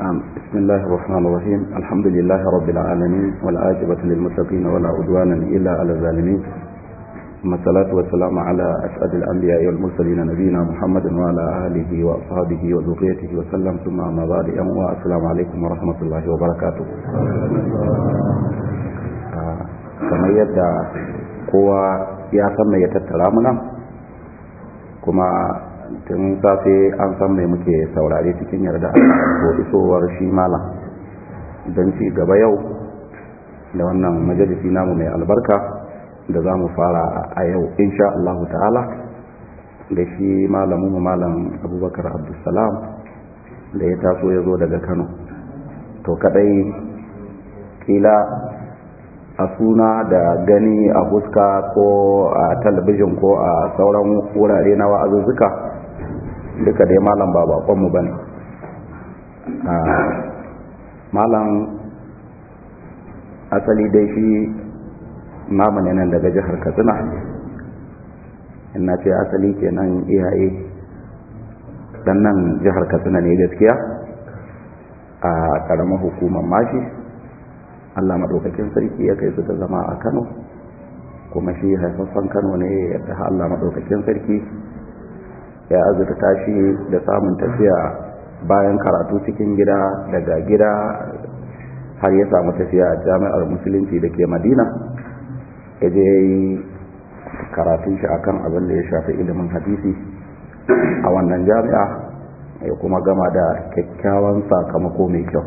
نعم بسم الله الرحمن الرحيم الحمد لله رب العالمين والعاجبة للمتقين ولا عدوانا إلا على الظالمين ثم الصلاة والسلام على أسعد الأنبياء والمرسلين نبينا محمد وعلى آله وأصحابه وذريته وسلم ثم أما بعد السلام عليكم ورحمة الله وبركاته آه، كما يدعى قوة يا سمي يتترامنا كما tun safe an san mai muke saurare cikin yarda ko isowar shi malam don ci gaba yau da wannan majalisi namu mai albarka da za mu fara a yau insha Allah ta'ala da shi malamu malam abubakar abdulsalam da ya taso ya zo daga kano to kadai kila a suna da gani a huska ko a talabijin ko a sauran wurare na wa'azuzzuka duka dai malam ba bakonmu ba ne ah, malam asali dai shi namu nan daga jihar katsina ina ce asali kenan iyaye dan nan jihar katsina ne gaskiya a karamar hukumar mashi allah maɗaukakin sarki ya kai su ta zama a kano kuma shi haifaffan kano ne yadda allah maɗaukakin sarki ya azurta shi da samun tafiya bayan karatu cikin gida daga gida har ya samu tafiya a jami'ar musulunci da ke madina ya je karatun shi a kan abin da ya shafi ilimin hadisi a wannan jami'a ya kuma gama da kyakkyawan sakamako mai kyau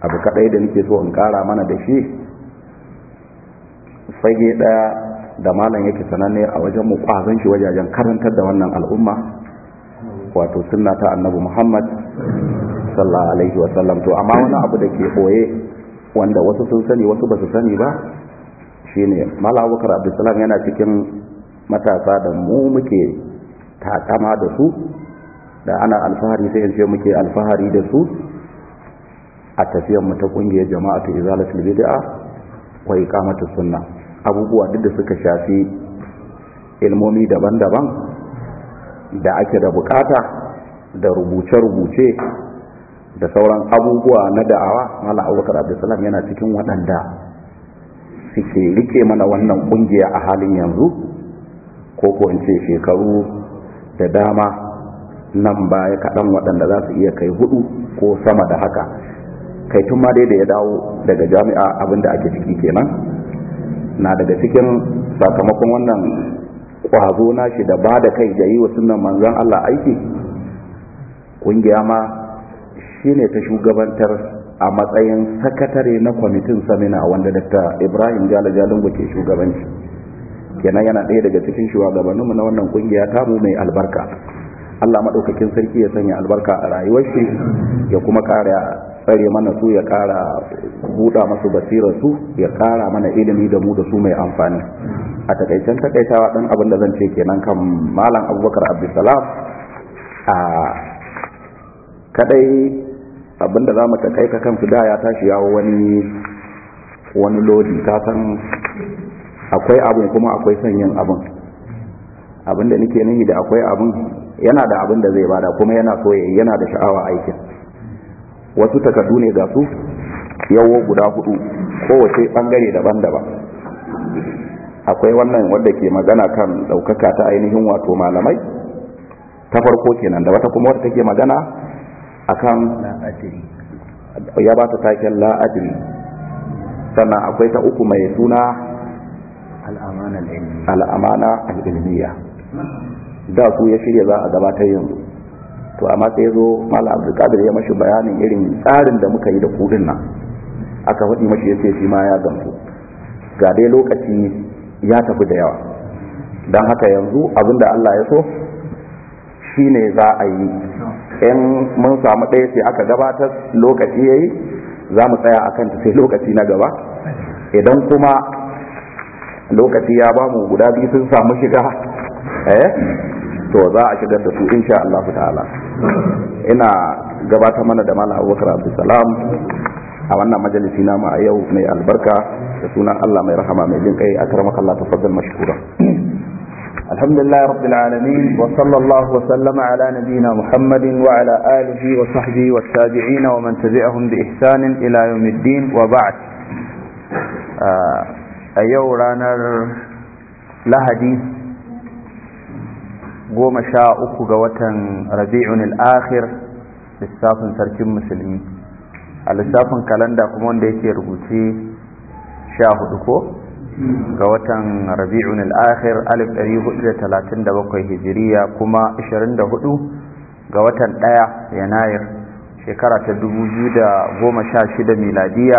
abu kaɗai da nake so in ƙara mana da shi fage ɗaya da malam yake sananne a wajen mu kwazon shi wajajen karantar da wannan al'umma wato sunna ta annabi Muhammad sallallahu alaihi wa sallam to amma wani abu da ke boye wanda wasu sun sani wasu ba su sani ba shine malam Abubakar Abdulsalam yana cikin matasa da mu muke takama da su da ana alfahari sai in muke alfahari da su a tafiyar mu ta kungiyar jama'atu izalatul bid'a wa iqamatus sunnah abubuwa duk da suka shafi ilmomi daban-daban da ake da bukata da rubuce-rubuce da sauran abubuwa na da'awa mala abubakar abdulsalam yana cikin waɗanda suke rike mana wannan ƙungiya a halin yanzu ko ko shekaru da dama nan baya kaɗan waɗanda za su iya kai hudu ko sama da haka kai tun ma dai da ya dawo daga jami'a abinda ake ciki kenan na daga cikin sakamakon wannan ƙwazo na shi da ba da kai da yi wa sunan manzon Allah aiki ƙungiya ma shi ne ta shugabantar a matsayin sakatare na kwamitin samina wanda Dr. Ibrahim jala Jalingo ke shugabanci kenan yana ɗaya daga cikin shugabanninmu na wannan ƙungiya ta tamu mai albarka Allah maɗaukakin sarki ya sanya albarka a rayuwar shi ya kuma ƙara tsare mana su ya kara buɗa masu basirar su ya kara mana ilimi da mu da su mai amfani a takaicen takaitawa ɗan abin da zan ce kenan kan malam abubakar abdulsalam a kadai abin da za mu takaita kan su da ya tashi yawo wani wani lodi ta san akwai abin kuma akwai son yin abin abin da nake nihi da akwai abin yana da abin da zai bada kuma yana so yana da sha'awa aikin wasu takardu ne ga su yawo guda hudu kowace bangare daban-daban akwai wannan wadda ke magana kan daukaka ta ainihin wato malamai ta farko kenan da wata kuma wadda take magana akan ya ba ta taken la'adiri sannan akwai ta uku mai suna al'amana al'ilmiya da su ya shirya za a gabatar yanzu to amma sai zo malam abdulkadir ya mashi bayanin irin tsarin da muka yi da kudin nan aka faɗi mashi yace shi ma ya gamsu ga dai lokaci ya tafi da yawa don haka yanzu abin da Allah ya so shine za a yi in mun samu ɗaya sai aka gabatar lokaci ya yi za mu tsaya a kanta sai lokaci na gaba idan kuma lokaci ya ba mu guda biyu sun samu shiga eh to za a shigar da su insha Allah ta'ala ina gabata mana da malam Abubakar Abdulsalam a wannan majalisi ma a yau mai albarka da suna Allah mai rahama mai jin kai akramaka Allah tafaddal mashkura alhamdulillah rabbil alamin wa sallallahu wa sallama ala nabiyyina muhammadin wa ala alihi wa sahbihi wa tabi'in wa man tabi'ahum bi ihsanin ila yawmiddin wa ba'd a yau ranar lahadi goma sha uku ga watan rabi'un al'akhir lissafin sarkin musulmi a lissafin kalanda kuma wanda yake rubuce sha hudu ko ga watan rabi'un al'akhir 1437 hijiriya kuma 24 ga watan daya yanayir shekara ta sha shida miladiya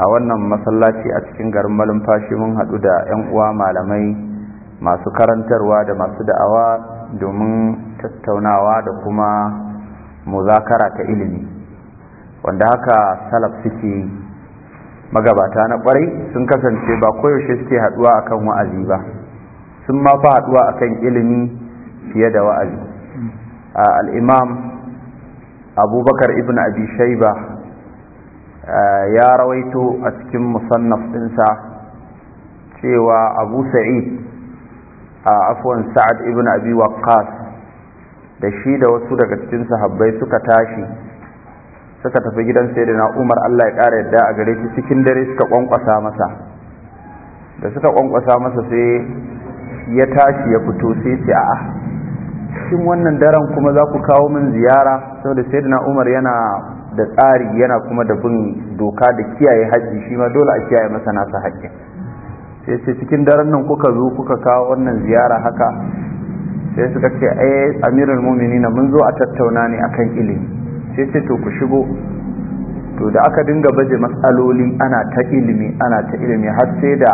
a wannan masallaci a cikin garin malumfashi mun hadu da 'yan uwa malamai masu karantarwa da masu da'awa domin tattaunawa da kuma muzakara ta ilimi wanda haka salaf suke magabata na kwarai sun kasance ba koyaushe suke haduwa akan wa'azi ba sun ma fi haduwa akan ilimi fiye da wa'azi al'imam abubakar ibn abi shaiba eh, ya rawaito a cikin musannaf ɗinsa cewa abu sa'id a afwan sa'ad ibn abi waqqas da shi da wasu daga cikin sahabbai suka tashi suka tafi gidan sayyidina Umar Allah ya kara yadda a gare shi cikin dare suka kwankwasa masa da suka kwankwasa masa sai ya tashi ya fito sai ce a'a cikin wannan daren kuma za ku kawo min ziyara saboda sayyidina Umar yana da tsari yana kuma da bin doka da kiyaye haji shi ma dole a kiyaye masa nasa haƙƙin ya ce cikin daren nan kuka zo kuka kawo wannan ziyara haka sai suka ce ai eh, amirul na mun zo a tattauna ne akan ilimi sai ce to ku shigo to da aka dinga baje matsaloli ana ta ilimi ana ta ilimi har sai da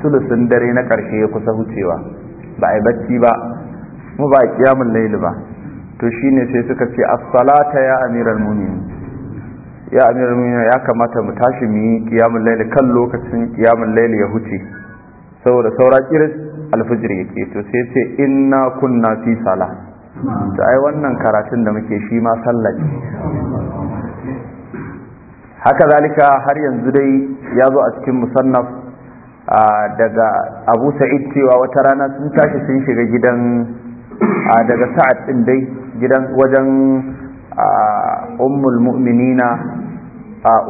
sulusun dare na ƙarshe ya kusa hucewa ba a yi bacci ba mu ba a kiyamun laili ba to shine sai suka ce as-salata ya amirul muminin ya amirul muminin ya kamata mu tashi mu yi kiyamun laili kan lokacin kiyamun laili ya huce saboda saura kiris alfijir yake to sai ce inna kunna fi sala to ai wannan karatun da muke shi ma sallah haka zalika har yanzu dai ya zo a cikin musannaf daga abu sa'id cewa wata rana sun tashi sun shiga gidan daga sa'ad din dai gidan wajen ummul mu'minina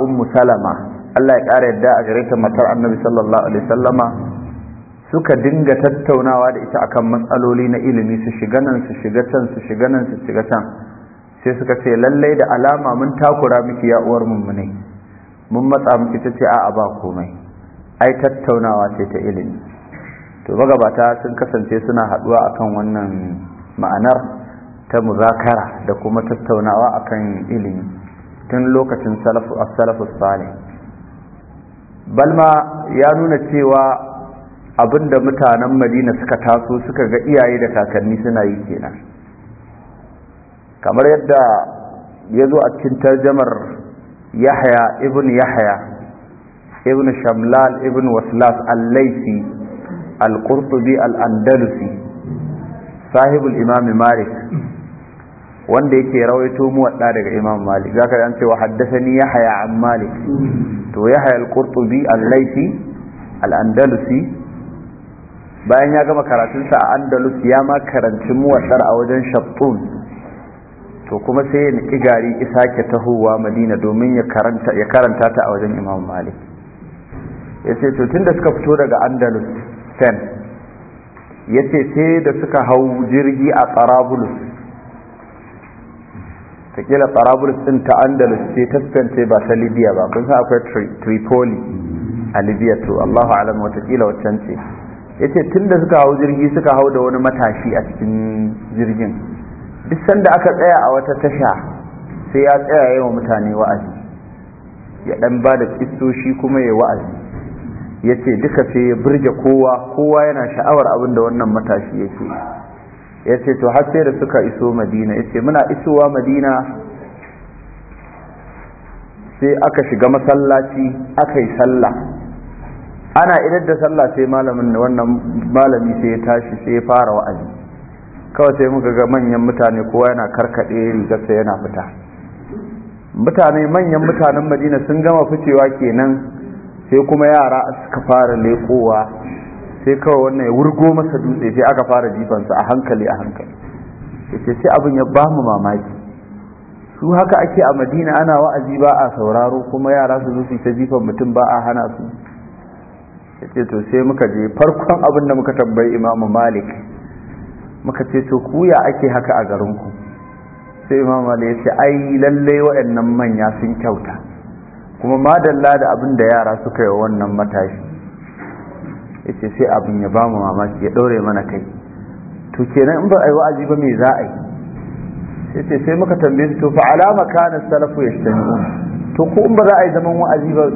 ummu salama Allah ya ƙara yadda a gare ta matar annabi sallallahu alaihi wasallama suka dinga tattaunawa da ita akan matsaloli na ilimi su shiga nan su shiga can su shiga nan su shiga can sai suka ce lallai da alama mun takura miki ya uwar mu ne mun matsa miki ta ce a'a ba komai ai tattaunawa ce ta ilimi to magabata sun kasance suna haduwa akan wannan ma'anar ta muzakara da kuma tattaunawa akan ilimi tun lokacin salafu as-salafus salih balma ya nuna cewa Abin da mutanen madina suka taso suka ga iyaye da kakanni suna yi kenan kamar yadda ya zo a cikin tarjamar yahya ibn yahya ibn shamlal ibn waslas al-laifi al-qurtubi al-andalusi sahibul imam malik wanda yake rawaito mu wadda daga imam malik zaka an ce wa haddathani yahya an malik to yahya al-qurtubi al-laifi al-andalusi bayan ya gama karatunsa a andalus ya ma karanci muwatsar a wajen shattun to kuma sai ya niki gari isake tahowa madina domin ya karanta ta a wajen imam malik ya ce to tun da suka fito daga andalus sen ya ce sai da suka hau jirgi a tsarabulus ta kila tsarabulus din ta andalus ce ta ce ba ta libya ba kun san akwai tripoli a libya to allahu alam watakila waccan ce ya ce tun da suka hau jirgi suka hau da wani matashi a cikin jirgin duk sanda aka tsaya a wata tasha sai ya tsaya yawa mutane wa'azi ya dan ba da kistoshi kuma ya wa'azi ya ce duka sai ya birge kowa kowa yana sha'awar abin da wannan matashi yake ya ce to har sai da suka iso madina ya ce muna isowa madina sai aka shiga masallaci aka yi sallah ana idan da sallah sai malamin wannan malami sai ya tashi sai ya fara wa'azi kawai sai muka ga manyan mutane kowa yana karkaɗe sai yana fita mutane manyan mutanen madina sun gama ficewa kenan sai kuma yara suka fara lekowa sai kawai wannan ya wurgo masa dutse sai aka fara jifan sa a hankali a hankali yace sai abin ya ba mu mamaki su haka ake a madina ana wa'azi ba a sauraro kuma yara su zo su ta jifan mutum ba a hana su ya ce to sai muka je farkon abin da muka tambayi imamu malik muka ce to kuya ake haka a garinku sai imamu malik ya ce ai lallai waɗannan manya sun kyauta kuma madalla da abin da yara suka yi wannan matashi ya ce sai abin ya bamu mamaki ya ɗore mana kai to kenan in ba a yi wa'azi ba me za a yi sai ce sai muka tambaye su to fa alama kana salafu ya to ko in ba za a yi zaman wa'azi ba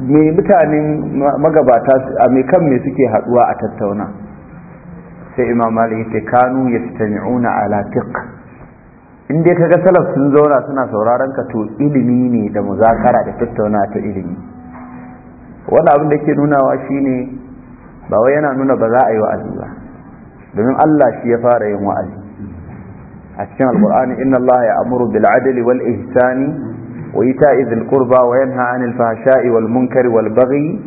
me mutanen magabata a me kan me suke haduwa a tattauna sai imam malik ce kanu ya yastami'una ala tiq in dai kaga salaf sun zauna suna sauraron ka to ilimi ne da muzakara da tattauna ta ilimi wani abin da ke nunawa shine ba wai yana nuna ba za a yi wa'azi ba domin Allah shi ya fara yin wa'azi a cikin alqur'ani inna allaha ya amuru bil adli wal ihsani وإيتاء ذي القربى وينهى عن الفحشاء والمنكر والبغي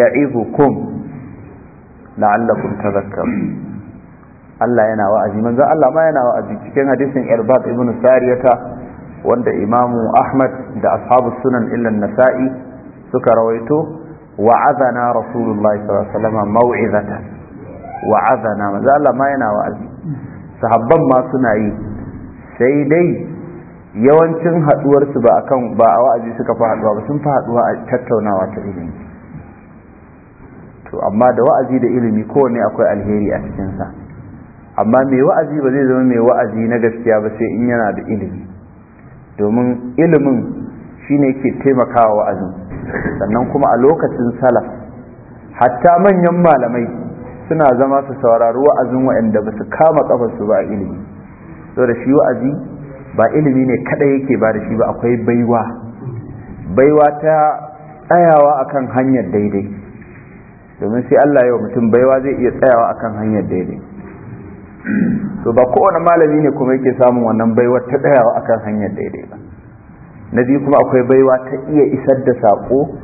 يعظكم la'allakum tadhakkarun Allah yana wa'azi manzo Allah ma yana wa'azi cikin hadisin Irbad ibn Sariyata wanda Imam Ahmad da ashabu sunan illa nasai suka rawaito wa'azana Rasulullahi sallallahu alaihi wasallam mau'izatan wa'azana manzo Allah ma yana wa'azi sahabban ma suna yi sai dai yawancin haduwarsu ba akan ba a wa'azi suka fi haduwa ba sun fi haduwa a tattaunawa ta ilimi to amma da wa'azi da ilimi kowane akwai alheri a cikinsa amma mai wa'azi ba zai zama mai wa'azi na gaskiya ba sai in yana da ilimi domin ilimin shine ke taimakawa wa'azin sannan kuma a lokacin salaf hatta manyan malamai suna zama su saurari wa'azin waɗanda ba su kama kafarsu ba a ilimi da shi wa'azi ba ilimi ne kada yake ba da shi ba akwai baiwa baiwa ta tsayawa akan hanyar daidai domin sai Allah yau mutum baiwa zai iya tsayawa akan hanyar daidai to ba kowane malami ne kuma yake samun wannan baiwa ta tsayawa akan hanyar daidai ba na biyu kuma akwai baiwa ta iya isar da sako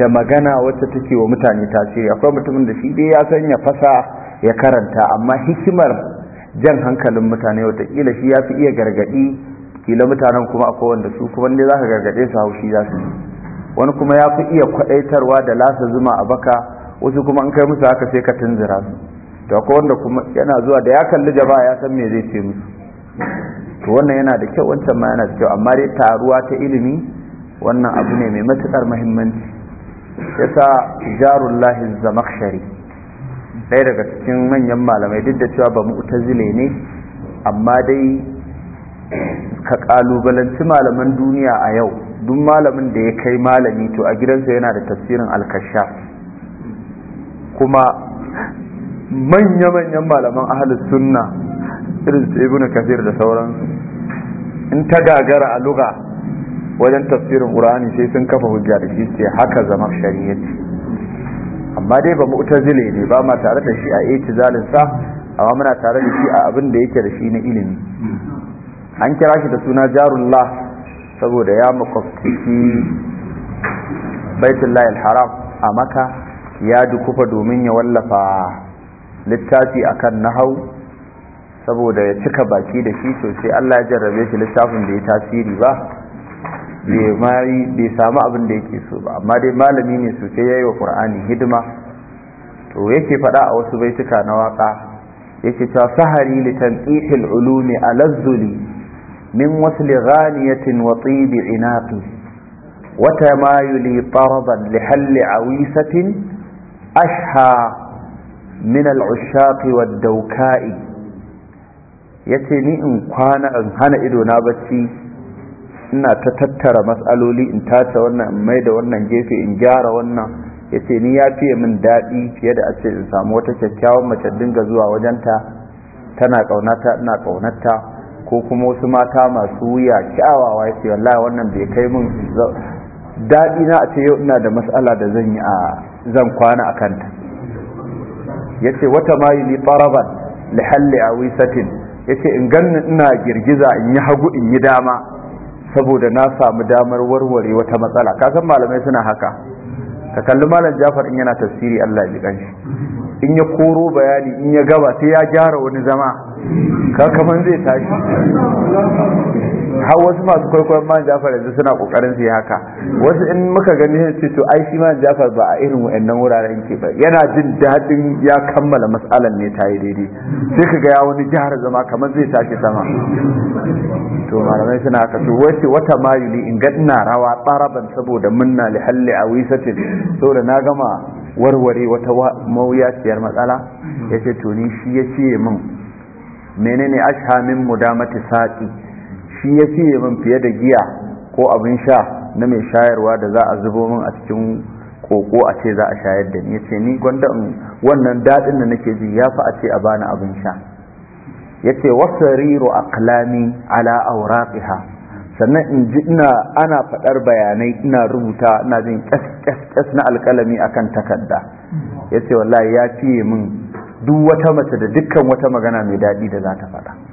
da magana wacce take wa mutane tasiri akwai mutumin da shi dai ya san ya fasa ya karanta amma hikimar jan hankalin mutane watakila shi ya fi iya gargaɗi kila mutanen kuma akwai wanda su kuma ne za ka gargaɗe su haushi za su wani kuma ya fi iya kwaɗaitarwa da lasa zuma a baka wasu kuma an kai musu haka sai ka tunzira su to akwai wanda kuma yana zuwa da ya kalli jama'a ya san me zai ce musu to wannan yana da kyau wancan ma yana da kyau amma dai taruwa ta ilimi wannan abu ne mai matuƙar muhimmanci yasa jarullahi zamakhshari ɗaya daga cikin manyan malamai duk da cewa ba zile ne amma dai ka kalubalanci malaman duniya a yau duk malamin da ya kai malami to a gidansa yana da tafsirin alkasha kuma manya-manyan malaman ahalus sunna irin su ibnu kafir da sauransu in ta gagara a luga wajen tafsirin ƙur'ani sai sun kafa hujja da shi ce haka zama shari'a amma dai ba mu'tazile ne ba ma tare da shi a itizalin sa amma muna tare da shi a abin da yake da shi na ilimi an kira shi da suna jarullah saboda ya makwabtaki baitullahi alharam a maka ya ji kufa domin ya wallafa littafi akan nahau saboda ya cika baki da shi sosai. Allah ya jarrabe shi littafin da ya tasiri ba bai samu abin da yake so ba amma dai malami ne sosai ya yi wa qur'ani hidima to yake faɗa a wasu baituka na waƙa yake cewa sahari li tanqihil ulumi alazzuli min wasli ghaniyatin wa tibi inaqi wa tamayuli taraban li halli awisatin ashha min al'ushaqi wa dauka'i yace ni in kwana in hana ido na bacci ina ta tattara matsaloli in tace wannan in mai da wannan gefe in gyara wannan ya ce ni ya fiye min daɗi fiye da a ce in samu wata kyakkyawan mace dinga zuwa wajenta tana ƙaunata ina ƙaunata ko kuma wasu mata masu wuya kyawawa ya ce wallahi wannan bai kai min daɗi na a ce yau ina da matsala da zan yi a zan kwana a kanta ya ce wata mayu ni ɓaraban lihalli a wisatin ya ce in ganni ina girgiza in yi hagu in yi dama saboda na samu damar warware wata matsala kasan malamai suna haka ka kalli malam jafar in yana tafsiri Allah ya kanshi in ya koro bayani in ya gaba sai ya gyara wani zama kakaman zai tashi har wasu masu kwaikwayon man jafar yanzu suna kokarin su yi haka wasu in muka gani sai ce to ai shi man jafar ba a irin wayannan wuraren ke ba yana jin daɗin ya kammala matsalar ne ta yi daidai sai ka ga wani jihar zama kamar zai tashi sama to malamai suna haka to wace wata mayu ne in ga ina rawa tsaraban saboda munna li halli a wisatin saboda na gama warware wata mawuyaciyar matsala ya ce to ni shi ya ce min menene ashamin mudamati saƙi shi ya fiye min fiye da giya ko abin sha na mai shayarwa da za a zubo min a cikin koko a ce za a shayar da ni ya ce ni gwanda wannan daɗin da nake ji ya fi a ce a bani abin sha ya ce wasariru aqlami ala auraqiha sannan in ji ina ana faɗar bayanai ina rubuta ina jin kyas na alƙalami kan takarda ya ce wallahi ya fiye min duk wata mace da dukkan wata magana mai daɗi da za ta faɗa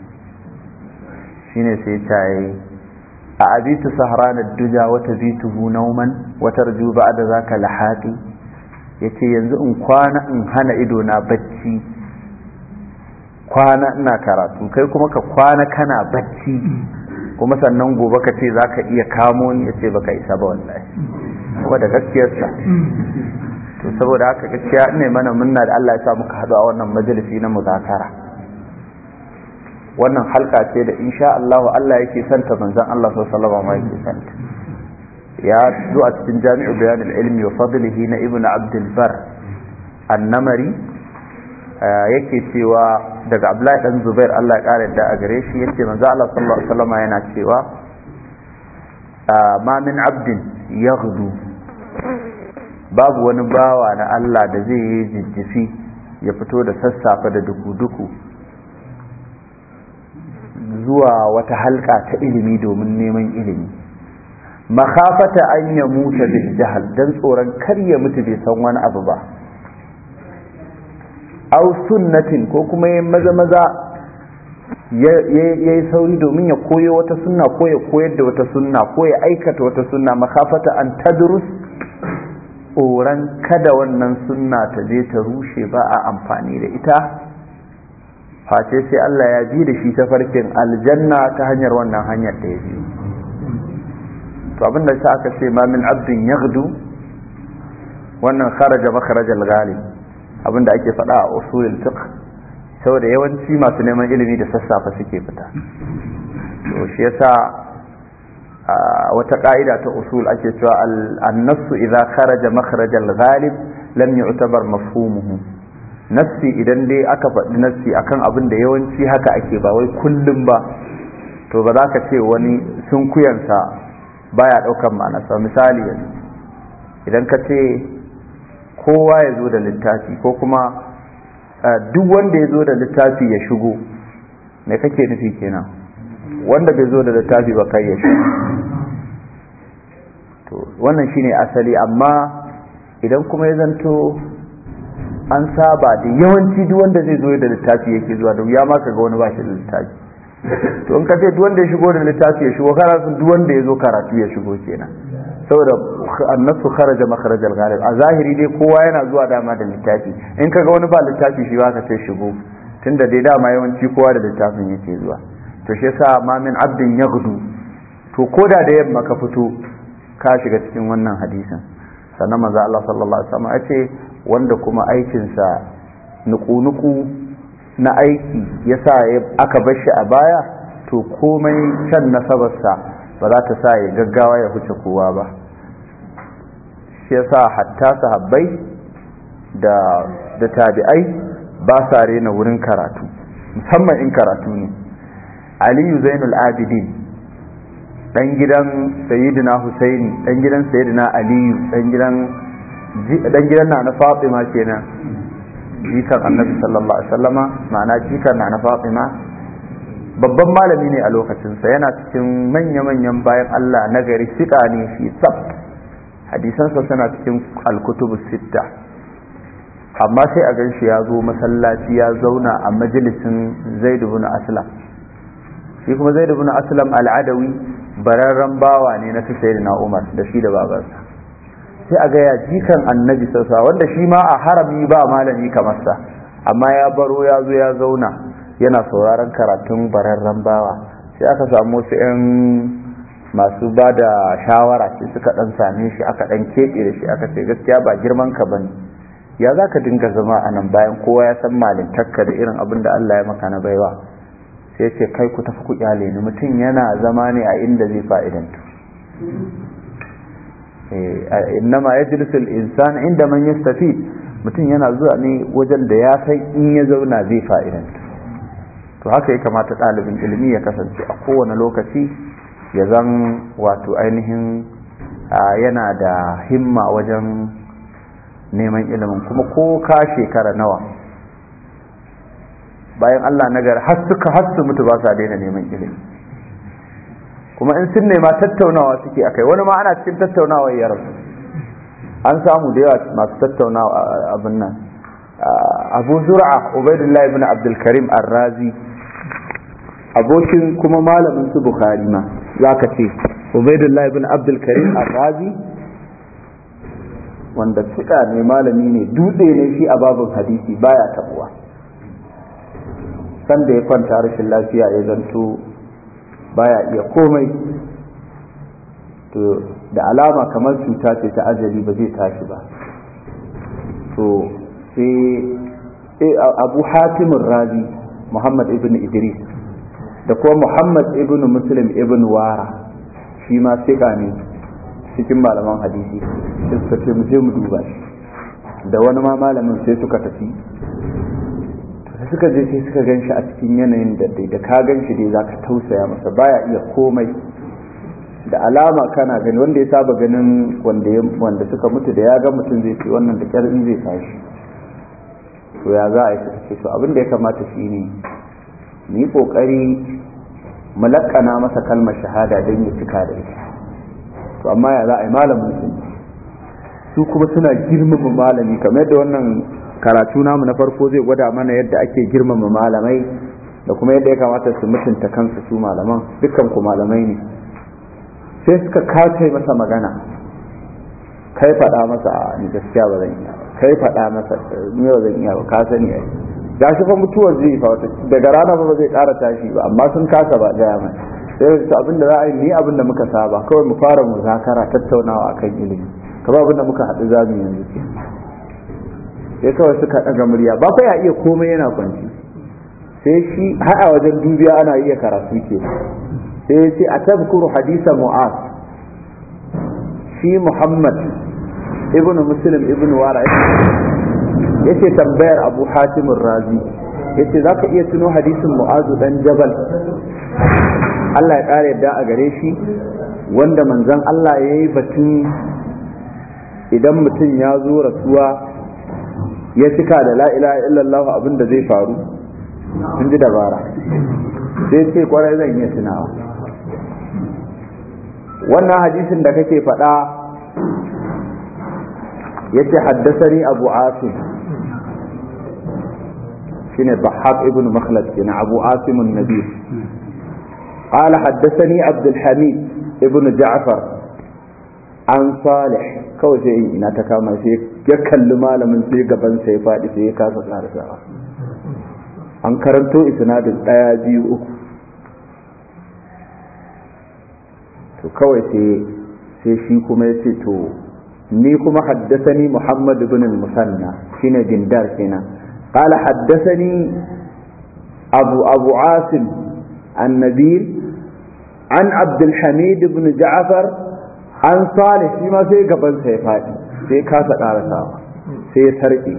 shine sai tayi. a abitu sahrana duja wata bituhu nauman wata tarju ba'da da za ka yanzu in kwana in hana ido na bacci kwana ina karatu kai kuma ka kwana kana bacci kuma sannan gobe ka ce zaka iya kamo ni yace baka isa ba wallahi gaskiyar sa to saboda haka gaskiya ne mana munna da Allah ya sa muka haɗu a wannan majalisi na muzakara wannan halka ce da insha Allah Allah yake santa manzon Allah sallallahu alaihi yake santa ya zo a cikin jami'u bayan ilmi wa fadlihi na ibnu abdul bar annamari eh, yake cewa daga Abdullahi dan Zubair Allah ya kare da a gare shi yace manzo Allah sallallahu alaihi wasallam yana cewa ah, ma min abdin yaghdu babu wani bawa na Allah da zai yi jijjifi ya fito da sassafe da duku-duku zuwa wata halka ta ilimi domin neman ilimi makafata an ya mutu da jahal don tsoron kar ya mutu bai san wani abu ba Au sunnatin ko kuma ya maza maza ya yi sauri domin ya koyo wata sunna ko ya koyar da wata sunna ko ya aikata wata sunna makafata an tadrus tsoron kada wannan sunna ta je ta rushe ba a amfani da ita face sai Allah ya ji da shi ta farkin aljanna ta hanyar wannan hanyar da ya ji to abin da aka ce ma min abdin yaghdu wannan kharaja makharaj al-ghalib abin da ake faɗa a usulul fiqh saboda yawanci masu neman ilimi da sassafe suke fita to shi yasa wata ka'ida ta usul ake cewa annasu nassu idza kharaja makharaj al-ghalib lam yu'tabar mafhumuhu nafsi idan dai aka faɗi nafsi akan abin da yawanci haka ake ba wai kullum ba to ba za ka ce wani sunkuyansa baya ɗaukan ma'anasa misali yanzu idan ka ce kowa ya zo da littafi ko kuma duk wanda ya zo da littafi ya shigo me kake nufi kenan wanda bai zo da littafi ba kai ya shigo to wannan shine asali amma idan kuma ya zanto an saba da yawanci duk wanda zai zo da littafi yake zuwa da ya maka ga wani ba shi da littafi to in ka ce duk wanda ya shigo da littafi ya shigo kana sun duk wanda ya zo karatu ya shigo kenan saboda annasu kharaja makharaj al-ghalib a zahiri dai kowa yana zuwa dama da littafi in ka ga wani ba littafi shi ba ka ce shigo tunda dai dama yawanci kowa da littafin yake zuwa to shi yasa ma min abdin yaghdu to koda da yamma ka fito ka shiga cikin wannan hadisin sannan manzo Allah sallallahu alaihi wasallam ya ce wanda kuma aikinsa nuku-nuku na aiki ya sa aka bar shi a baya to komai can nasabarsa ba za ta sa ya gaggawa ya huce kowa ba shi ya sa hatta sahabbai da da tabi'ai ba sa rena wurin karatu musamman in karatu ne aliyu zainul abidin dan gidan sayyidina husaini dan gidan sayyidina aliyu dan gidan dan gidan na na fatima kenan jikan annabi sallallahu alaihi wasallama ma'ana jikan na na fatima babban malami ne a lokacinsa yana cikin manya-manyan bayan Allah na gari sika ne shi tsab sa suna cikin alkutubu sitta amma sai a ganshi ya zo masallaci ya zauna a majalisin zaid bin aslam shi kuma zaid bin aslam al'adawi bararren bawa ne na sayyidina na umar da shi da babarsa sai a gaya jikan annabi sassa wanda shi ma a harami ba malami kamar sa amma ya baro ya zo ya zauna yana sauraron karatun bararren bawa sai aka samu wasu 'yan masu ba da shawara sai suka dan same shi aka dan keɓe da shi aka ce gaskiya ba girman ka bane ya za ka dinga zama a nan bayan kowa ya san malintakka da irin abin da Allah ya maka na baiwa sai ce kai ku tafi ku kyale ni mutum yana zama ne a inda zai fa'idantu Eh, innama yajlisu al-insan inda man yastafid mutum yana zuwa ne wajen da ya san in ya zauna zai fa'idanta to haka ya kamata ɗalibin ilimi ya kasance a kowane lokaci ya zan wato ainihin yana da himma wajen neman ilimin kuma ko ka shekara nawa bayan Allah nagar har suka har su mutu ba sa daina neman ilimi kuma in sun ma tattaunawa suke akai wani ma ana cikin tattaunawa ya rasu an samu da yawa masu tattaunawa abin nan abu zur'a ubaidullahi ibn abdul karim arrazi abokin kuma malamin su bukhari ma zaka ce ubaidullahi ibn abdul karim arrazi wanda suka ne malami ne dutse ne shi a babin hadisi baya tabuwa sanda ya kwanta rashin lafiya ya zanto baya iya komai to da alama kamar cuta ce ta ajali ba zai tashi ba to sai eh, abu hatimin razi muhammad ibn idris da kuma muhammad ibn muslim ibn wara shi ma ka ne cikin malaman hadisi sai suka ce mu je mu duba shi da wani ma malamin sai suka tafi da suka je sai suka gan shi a cikin yanayin da da ka gan shi dai zaka tausaya masa baya iya komai da alama kana gani wanda ya saba ganin wanda suka mutu da ya ga mutum zai ce wannan da kyar zai tashi to ya za a yi ce to abin da ya kamata shi ne ni kokari ƙoƙari masa kalmar shahada don ya cika da ita to amma ya za a yi malamin su kuma suna girmama malami kamar yadda wannan karatu namu na farko zai gwada mana yadda ake girmama malamai da kuma yadda ya kamata su mutunta kansu su malaman dukkan ku malamai ne sai suka kace masa magana kai faɗa masa ni gaskiya ba zan iya kai faɗa masa ni ba zan iya ba ka sani ai ga shi fa mutuwar zai fa wata daga rana ba zai ƙara tashi ba amma sun kasa ba gaya mai sai su abin da za a yi ni abin da muka saba kawai mu fara muzakara tattaunawa akan ilimi kamar abin da muka haɗu zamu yanzu sai kawai suka ɗaga murya ba fa ya iya komai yana kwanci sai shi haɗa wajen dubiya ana iya karatu ke sai ya ce a tabkuru hadisa mu'az shi muhammad ibn muslim ibn wara ya ce tambayar abu hatimun razi ya ce za ka iya tuno hadisin mu'azu dan jabal allah ya ƙara yadda a gare shi wanda manzan allah ya yi batun idan mutum ya zo rasuwa ya cika da la ilaha illallah abin da zai faru sun ji dabara sai ce kwarai zan iya tunawa wannan hadisin da kake faɗa ya ce haddasani abu asim shi ne bahab ibn makhlad ke na abu asimun nabi قال حدثني عبد الحميد ابن جعفر an salih kawai sai in ina ta kama sai ya kalli malamin sai gaban sai faɗi sai ya kasa karasawa an karanto isnadin ɗaya biyu uku to kawai sai shi kuma ya ce to ni kuma haddasani muhammad ibn musanna shine dindar kenan qala haddasani abu abu asim an an abdul hamid ibn ja'far an sale shi ma sai gaban ya faɗi sai kasa ƙarasawa sai ya sarƙe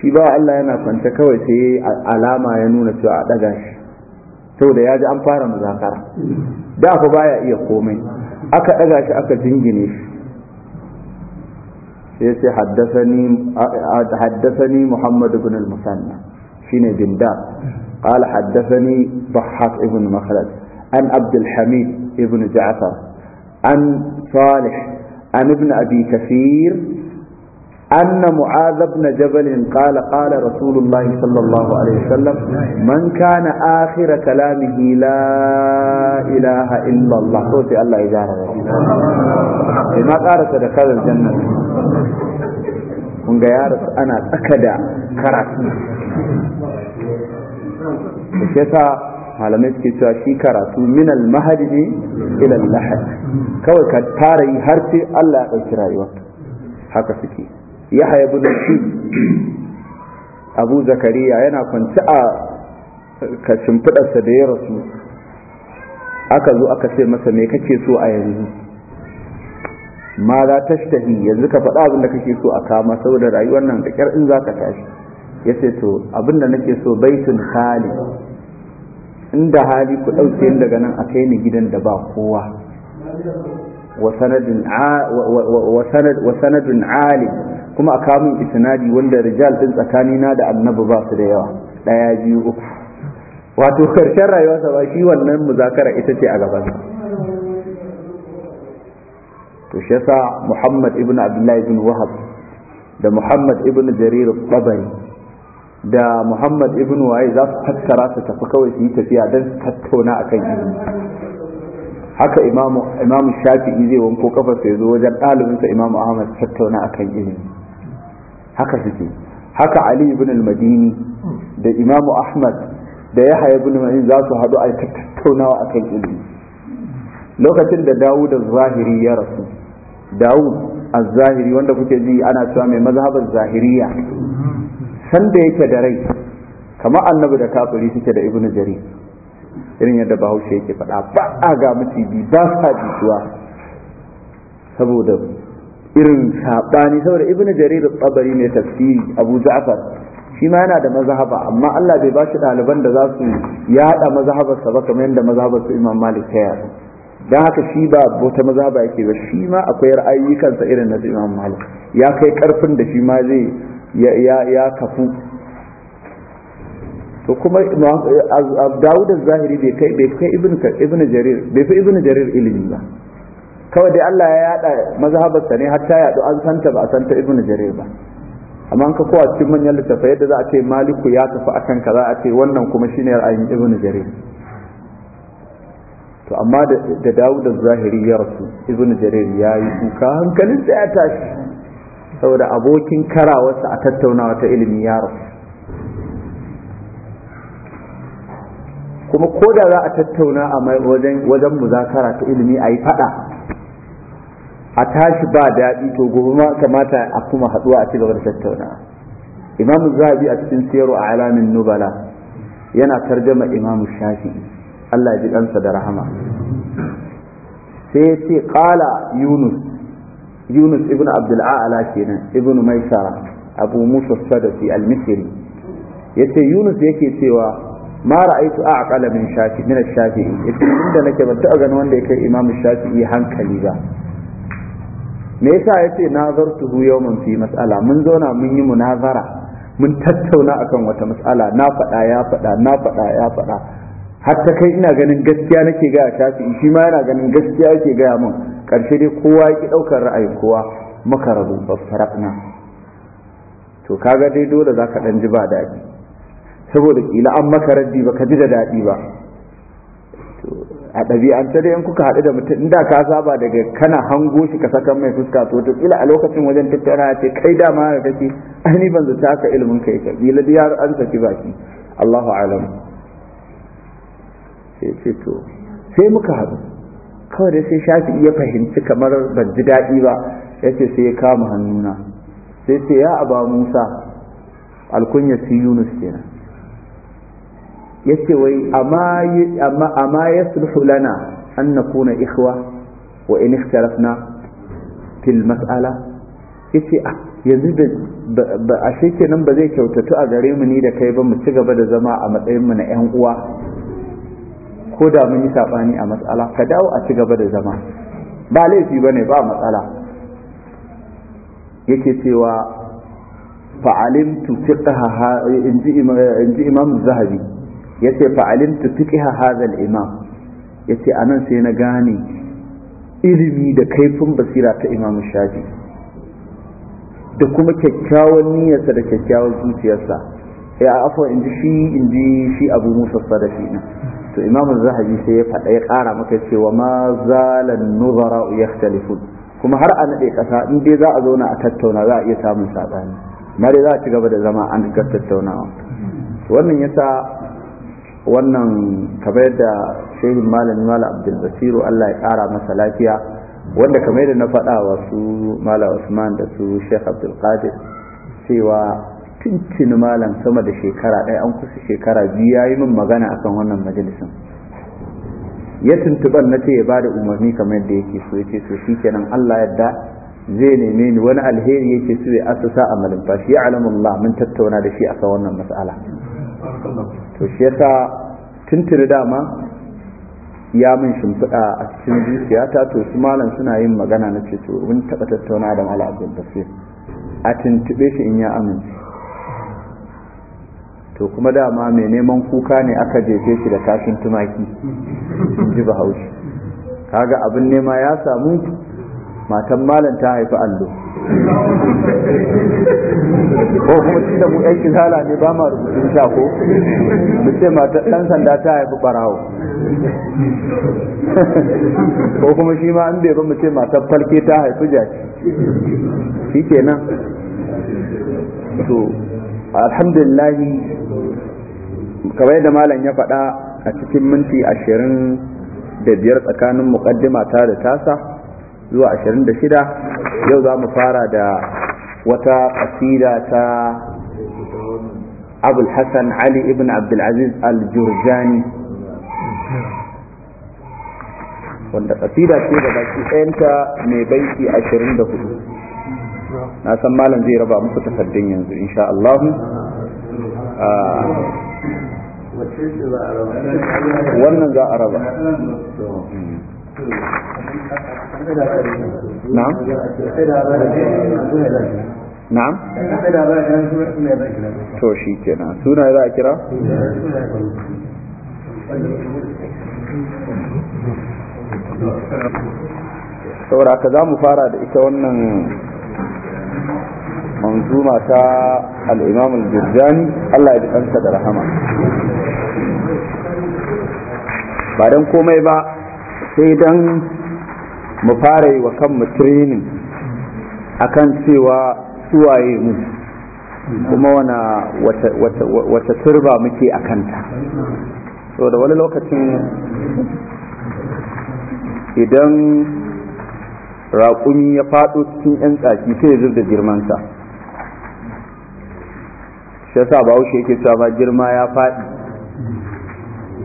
shi ba Allah yana kwanta kawai sai alama ya nuna cewa a ɗaga shi saboda ya ji an fara muzakara da fa baya iya komai aka ɗaga shi aka jingine shi sai sai haddasani Muhammad bin al-Musanna shine Binda, قال حدثني ضحاك ابن مخلد عن عبد الحميد ابن جعفر عن صالح عن ابن أبي كثير أن معاذ بن جبل قال قال رسول الله صلى الله عليه وسلم من كان آخر كلامه لا إله إلا الله صوتي الله إجارة ما قالت دخل الجنة kun ga أنا أكد tsaka da malamai suke cewa shi karatu min al ne ila lahad kawai ka fara yi har sai Allah ya dauki rayuwa haka suke yahya ibn abu zakariya yana kwanci a ka shimfiɗarsa da ya rasu aka zo aka ce masa me kake so a yanzu ma za ta yanzu ka faɗa abin da kake so a kama saboda rayuwar nan da ƙyar in za ka tashi ya ce to abin da nake so baitun khali inda hali ku ɗauke daga nan a kai ni gidan da ba kowa wa sanadun ali kuma a kamun isnadi wanda rijal din na da annabi ba su da yawa ɗaya biyu uku wato karshen rayuwarsa ba shi wannan muzakara ita ce a gaban to shi yasa muhammad ibn abdullahi ibn wahab da muhammad ibn jarir tabari da muhammad ibn waye za su tattara su tafi kawai su yi tafiya don su tattauna a kan ilimi haka imamu shafi'i zai wanko kafar sai zo wajen ɗalibinsa imamu ahmad tattauna a kan ilimi haka suke haka ali ibn al-madini da imamu ahmad da Yahaya ibn ma'in za su haɗu a tattaunawa kan ilimi lokacin da dawud zahiri ya rasu dawud az-zahiri wanda kuke ji ana cewa mai mazhabar zahiriya sanda yake da rai kamar annabi da kafiri suke da ibnu jarir irin yadda bahaushe yake faɗa ba a ga bi ba sa jituwa saboda irin saɓani saboda ibnu jarir tsabari ne tafsiri abu ja'far shi ma yana da mazhaba amma Allah bai ba shi ɗaliban da za su yaɗa mazhabarsa ba kamar yadda mazhabar su imam malik ta yaɗa don haka shi ba wata mazhaba yake ba shi ma akwai kansa irin na imam malik ya kai karfin da shi ma zai ya kafu to kuma Dawud zahiri bai kai bai kai ibn jarir bai fi ibn jarir ilimi ba kawai dai Allah ya yada mazhabarsa ne hatta yadu an santa ba a santa ibn jarir ba amma ka kowa cikin manyan littafai yadda za a ce maliku ya tafi akan kaza a ce wannan kuma shine ra'ayin ibn jarir to amma da Dawud zahiri ya rasu ibn jarir ya yi kuka hankalin sai ya tashi saboda abokin karawarsa a tattaunawa ta ilimi ya rasu kuma ko da za a tattauna a wajen wajen muzakara ta ilimi a yi fada a tashi ba daɗi to gobe ma kamata a kuma haɗuwa a cigaba da tattauna imamu zabi a cikin siyarwa a alamin nubala yana tarjama imamu Shafi, Allah ya ji ɗansa da rahama sai ya ce ƙala yunus yunus ibn abdul a'la kenan ibn maisara abu musa sadafi al-misri yace yunus yake cewa ma ra'aytu a'qala min shafi min yace inda nake ban a gani wanda yake imamu shafi'i hankali ba me yasa yace nazartuhu yawman fi mas'ala mun zauna mun yi munazara mun tattauna akan wata mas'ala na faɗa ya faɗa na faɗa ya faɗa hatta kai ina ganin gaskiya nake gaya shafi, shi ma yana ganin gaskiya yake gaya min karshe dai kowa yake ɗaukar ra'ayin kowa muka rabu farakna to kaga dai dole za ka ɗan ji ba daɗi saboda kila an maka raddi ba ka ji da daɗi ba to a ɗabi'ance dai in kuka haɗu da mutum inda ka saba daga kana hango shi ka saka mai fuska to to kila a lokacin wajen tattara ce kai dama da kake ai ni ban zata ka ilimin kai ka kila dai har an saki baki Allahu a'lam sai ce to sai muka haɗu kawai da sai shafi iya fahimci kamar ban ji daɗi ba ya ce sai ya kama hannuna sai ce ya aba musa alkunya su yunus kenan ya ce wai amma ya sulhu lana an na kuna ikhwa wa in ikhtarafna fil mas'ala ce a ah, yanzu da ashe kenan ba zai kyautatu a gare mu ni da kai ba mu ci gaba da zama a matsayin mu na yan uwa ko da mun yi saɓani a matsala ka dawo a cigaba da zama ba laifi bane ba matsala yake cewa fa'alimtu fiqha in inji imam zahabi yace ce fa'alimtu fiqha hazal imam yace ce anan sai na gane ilimi da kaifin basira ta imam shafi da kuma kyakkyawan niyyarsa da kyakkyawan zuciyarsa ya eh, afuwa in shi inji shi abu musa sadafi to imam zahabi sai ya faɗa ya ƙara maka cewa ma zalan nuzara yakhtalifun kuma har a naɗe ƙasa in dai za a zauna a tattauna za a iya samun sabani amma dai za a ci gaba da zama an ga tattaunawa wannan yasa wannan kamar da shehin Malam malam abdul basiru Allah ya ƙara masa lafiya wanda kamar da na faɗa wa su malam usman da su sheikh abdul qadir cewa cincin malam sama da shekara ɗaya an kusa shekara biyu ya yi min magana akan wannan majalisin ya tuntuban na ce ya ba da umarni kamar yadda yake so ya ce so shi kenan Allah yadda zai neme ni wani alheri yake so ya asasa a shi ya mun tattauna da shi akan wannan matsala to shi yasa tuntuni dama ya min shimfiɗa a cikin zuciyata to su malam suna yin magana na ce to mun taɓa tattauna da malam abdul basir a tuntuɓe shi in ya amince to kuma dama mai neman kuka ne aka jefe shi da kashin tumaki in ji bahaushe kaga abin nema ya samu matan malam ta haifi allo ko kuma shi da mu yan kizala ne ba ma rubutun sha ko mu ce matan dan sanda ta haifi barawo ko kuma shi ma an bai ba mu ce matan falke ta haifi jaki shi kenan to alhamdulillahi kamar da malam ya faɗa a cikin minti ashirin da biyar tsakanin muƙaddima ta da tasa zuwa ashirin da shida yau za mu fara da wata ƙasida ta abul hassan ali ibn abdulaziz al-jurjani wanda ƙasida ce da baki ɗayanta mai banki ashirin da hudu na san malam zai raba muku takaddun yanzu insha Allah ah, wannan za a raba na'am to shi ke na suna za a kira saboda ka za mu fara da ita wannan manzuma ta al'imamul birjani Allah ya ji ɗansa da rahama ba don komai ba sai don mu fara yi wa kanmu training kan cewa suwaye mu kuma wana wata turba muke a kanta so da wani lokacin idan raƙumi ya faɗo cikin 'yan tsaki sai ya da girmansa shi yasa bahaushe yake cewa ba girma ya faɗi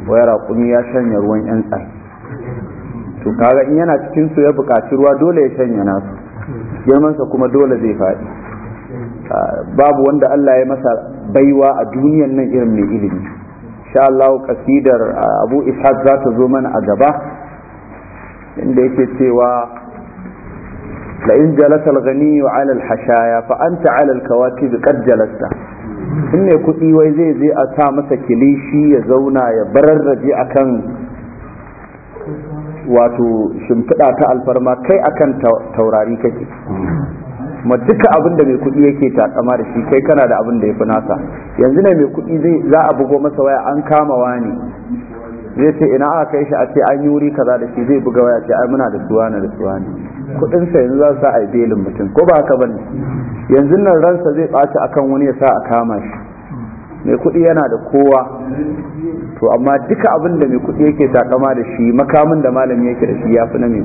wai raƙumi ya shanya ruwan yan tsai to kaga in yana cikin su ya buƙaci ruwa dole ya shanya nasu girmansa kuma dole zai faɗi ah, babu wanda Allah ya masa baiwa a duniyan nan irin mai ilimi sha Allah kasidar ah, Abu Ishaq za ta zo mana a gaba inda yake cewa la in jalasa al-ghani ala al-hashaya fa anta ala al-kawakib qad jalasta in mai kuɗi wai zai je a sa masa kilishi ya zauna ya bararraje akan wato shimfiɗa ta alfarma kai akan taurari kake ma duka abin da mai kuɗi yake takama da shi kai kana da abin da ya fi nasa yanzu ne mai kuɗi za a bugo masa waya an kama wani zai ce ina aka kai shi a ce an yi wuri kaza da shi zai buga waya ce ai muna da suwa na da suwa ne kudin sa yanzu za su sa a belin mutum ko ba haka bane yanzu nan ransa zai ɓaci akan wani ya sa a kama shi mai kuɗi yana da kowa to amma duka abin da mai kuɗi yake takama da shi makamin da malami yake da shi ya fi na mai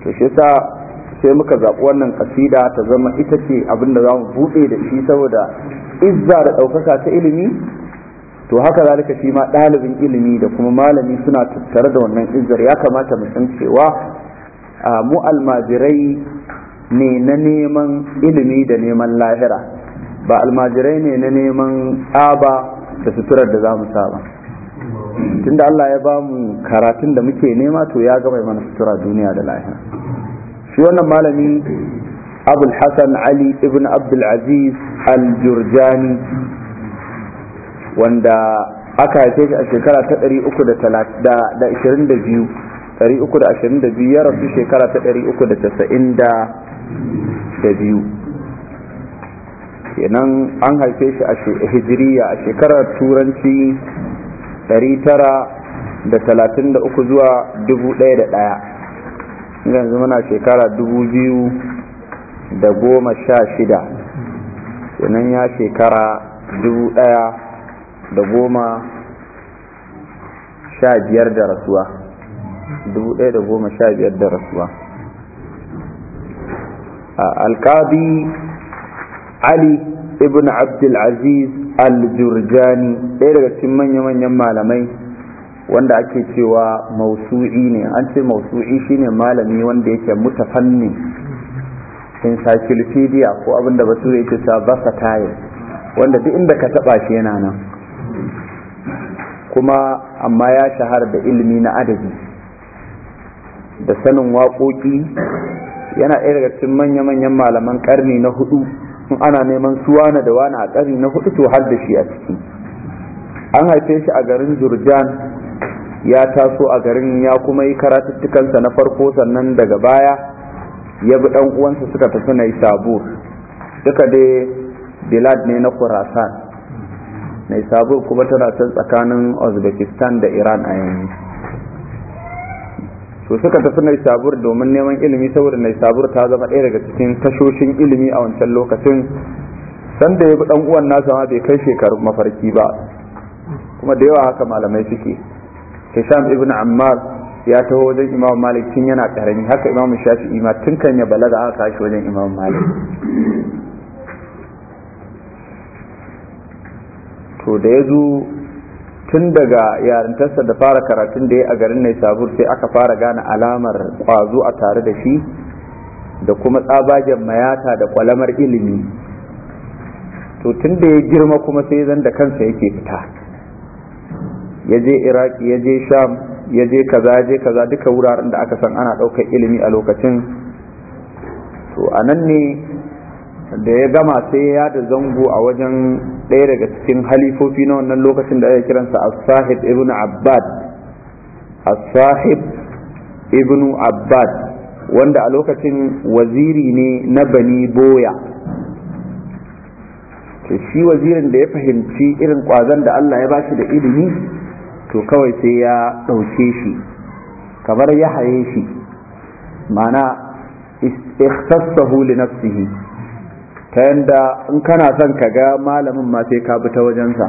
to shi sa sai muka zaɓi wannan kasida ta zama ita ce abin da za mu buɗe da shi saboda izza da ɗaukaka ta ilimi to haka zalika shi ma ɗalibin ilimi da kuma malami suna tattare da wannan izzar ya kamata mu san cewa mu almajirai ne na neman ilimi da neman lahira ba almajirai ne na neman tsaba da suturar da za mu saba tunda Allah ya ba mu karatun da muke nema to ya gama mana sutura duniya da lahira shi wannan malami abul hasan ali ibn abdul aziz al-jurjani wanda aka haife shi a shekara ta 322 ya rasu shekara ta 392 kenan an haife shi a hijiriya a shekarar turanci 933 zuwa 1001 yanzu muna shekara 2016 kenan ya shekara 1000 da goma sha biyar da rasuwa dubu ɗaya da goma sha biyar da rasuwa A alkabi ali ibn abdulaziz aljurjani ɗaya daga cikin manya-manyan malamai wanda ake cewa mausu'i ne an ce mausu'i shine malami wanda yake mutafanni encyclopedia ko abinda basu yake sa basa tayar wanda duk inda ka taba shi yana nan kuma amma ya shahara da ilimi na adabi da sanin waƙoƙi yana ɗaya daga cikin manya-manyan malaman ƙarni na hudu in ana neman suwana da wani a ƙarni na hudu to har da shi a ciki an haife shi a garin zurjan ya taso a garin ya kuma yi karatuttukansa na farko sannan daga baya ya bi ɗan uwansa suka tafi na sabur duka dai bilad ne na kurasan mai sabur kuma tana can tsakanin uzbekistan da iran a yanzu su suka tafi mai sabur domin neman ilimi saboda mai sabur ta zama ɗaya daga cikin tashoshin ilimi a wancan lokacin sanda ya bi ɗan uwan nasa ma bai kai shekaru mafarki ba kuma da yawa haka malamai suke hisham ibn ammar ya taho wajen imam malik tun yana ƙarami haka imam shafi'i ma tun kan ya balaga aka kashi wajen imam malik to da ya zo tun daga yarintarsa da fara karatun da ya a garin nai sabur sai aka fara gane alamar kwazo a tare da shi da kuma tsabagen mayata da kwalamar ilimi to tun da ya girma kuma sai zan da kansa yake fita ya je iraki ya je sham ya je kaza ya je kaza duka wuraren da aka san ana ɗaukar ilimi a lokacin to a nan ne da ya gama sai ya da zango a wajen ɗaya daga cikin halifofi na wannan lokacin da ake kiransa as-sahib ibn abbad as-sahib ibn abbad wanda a lokacin waziri ne na bani boya to shi wazirin da ya fahimci irin kwazon da Allah ya bashi da ilimi to kawai sai ya ɗauke shi kamar ya haye shi ma'ana ikhtassahu li nafsihi ta yanda in kana son ka ga malamin ma sai ka bi ta wajensa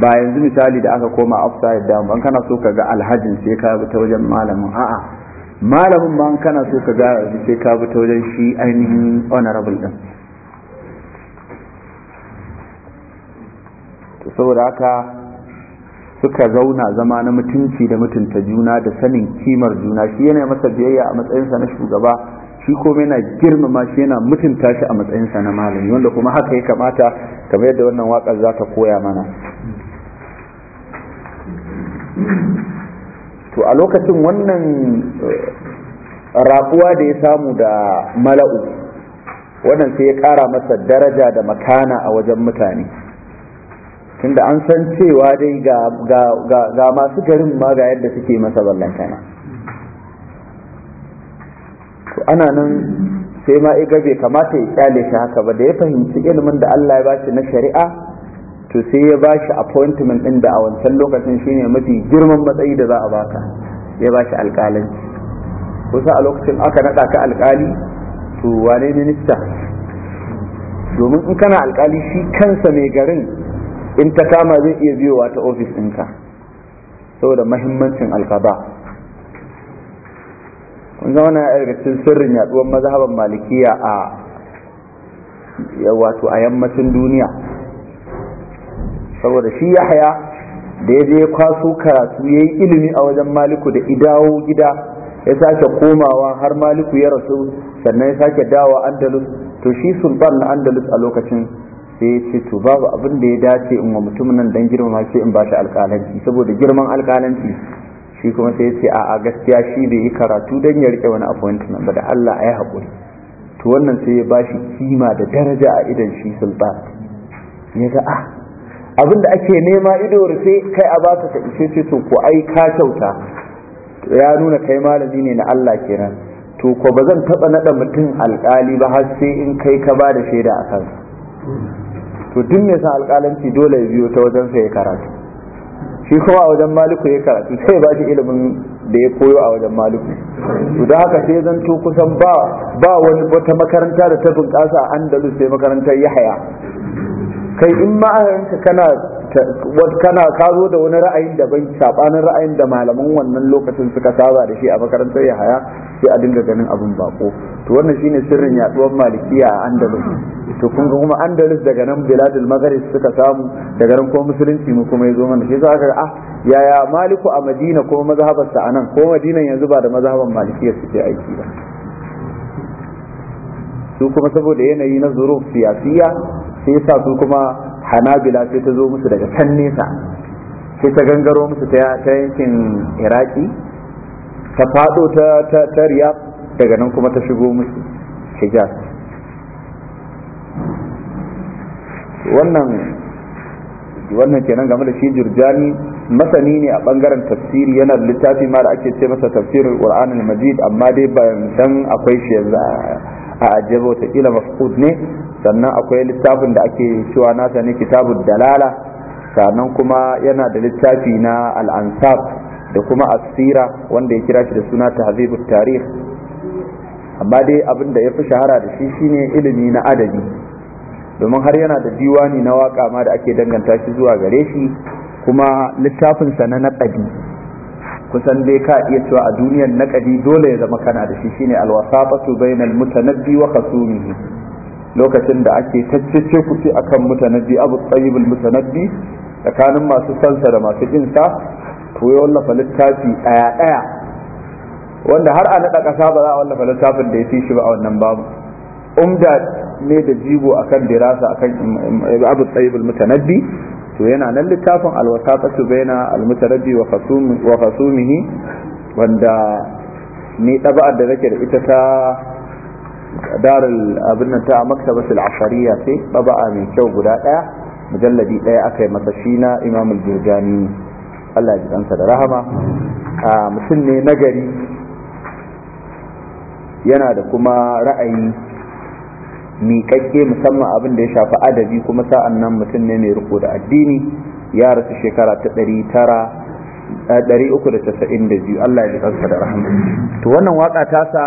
ba yanzu misali da aka koma offside down ban kana so ka ga alhajin sai ka bi ta wajen malamin a'a malamin ma kana so ka ga sai ka bi ta wajen shi ainihin honorable din to saboda haka suka zauna zama na mutunci da mutunta juna da sanin kimar juna shi yana masa biyayya a matsayinsa na shugaba shi kuma yana girmama shi yana mutunta shi a matsayinsa na malami wanda kuma haka ya kamata kamar yadda wannan waƙar za ta koya mana to a lokacin wannan eh, rabuwa da ya samu da mala'u wannan sai ya ƙara masa daraja da makana a wajen mutane tunda an san cewa dai ga masu garin ma ga yadda suke masa ballantana ana nan sai ma iga bai kamata ya kyale shi haka ba da ya fahimci ilimin da Allah ya bashi na shari'a to sai ya bashi appointment din da a wancan lokacin shine mafi girman matsayi da za a baka ya bashi alƙalanci kusa a lokacin aka naɗa ka alƙali to wane minista domin in kana alƙali shi kansa mai garin in ta kama zai iya biyowa ta ofis ɗinka saboda mahimmancin alƙaba ga wannan ya daga cikin sirrin yaduwar mazhaban malikiya a wato a yammacin duniya saboda shi yahya da ya je kwaso karatu ya yi ilimi a wajen maliku da idawo gida ya sake komawa har maliku ya rasu sannan ya sake dawa andalus to shi sultan na andalus a lokacin sai ya ce to babu abin da ya dace in wa mutum nan dan ma ce in ba shi alƙalanci saboda girman alƙalanci shi kuma sai ce a gaskiya shi da yi karatu don ya rike wani appointment ba da Allah a yi haƙuri to wannan sai ya bashi kima da daraja a idan shi sultan ya ga ah abinda ake nema ido rufe kai a baka ka ishe ce to ko ai ka kyauta ya nuna kai malami ne na Allah kenan to ko ba zan taɓa naɗa mutum alƙali ba har sai in kai ka ba da shaida a kansa to duk mai san alƙalanci dole ya biyo ta wajen sai ya karatu shi kuma a wajen maliku ya karatu sai ba shi ilimin da ya koyo a wajen maliku to da haka sai zanto kusan ba ba wani wata makaranta da ta bunƙasa a andalus sai makarantar yahaya kai in ma kana kana kazo da wani ra'ayin daban sabanin ra'ayin da malaman wannan lokacin suka saba da shi a makarantar ya haya sai a dinga ganin abin bako to wannan shine sirrin yaduwar malikiya a andalus to kun ga kuma andalus daga nan biladul maghrib suka samu daga nan kuma musulunci mu kuma yazo mana shi za ka ah yaya maliku a madina ko mazhabarsa a nan ko madinan yanzu ba da mazhaban malikiya suke aiki ba su kuma saboda yanayi na zuruf siyasiya sai sa su kuma hanabila sai ta zo musu daga can nesa sai ta gangaro musu ta yankin iraki ta fado ta tariya daga nan kuma ta shigo musu hijaz wannan wannan kenan game da shi jirjani masani ne a bangaren tafsiri yana da littafi ma da ake ce masa tafsirin qur'an al-majid amma dai ban san akwai shi yanzu a ajiye watakila mafukud ne sannan akwai littafin da ake cewa nasa ne kitabu dalala sannan kuma yana da littafi na al'ansab da kuma asira wanda ya kira shi da suna tahzibu tarih amma dai abin da ya fi shahara da shi shine ilimi na adabi domin har yana da diwani na waka ma da ake danganta shi zuwa gare shi kuma littafinsa na naɗabi kusan dai ka iya cewa a duniyar naƙadi dole ya zama kana da shi shine alwasaqatu bainal mutanabbi wa khasumihi lokacin da ake tacce kuce akan mutanabbi abu tayyibul mutanabbi tsakanin masu sansa da masu kinsa to ya wallafa littafi daya daya wanda har a naɗa kasa ba za a wallafa littafin da ya fi shi ba a wannan babu umda ne da jigo akan dirasa akan abu tayyibul mutanabbi to yana nan littafin alwasaqatu baina almutaraddi wa khasumi wa khasumihi wanda ni taba'ar da nake da ita ta darul abin ta al ashariyya ce taba'a mai kyau guda daya mujalladi daya aka masa shi na imamul jurjani Allah ya ji da rahama a mutum ne nagari yana da kuma ra'ayi miƙaƙƙe musamman abin da ya shafi adabi kuma sa'an nan mutum ne mai riko da addini ya rasu shekara ta ɗari tara eh, ɗari uku da tasa'in da biyu Allah ya kansa da rahama to wannan waƙa ta sa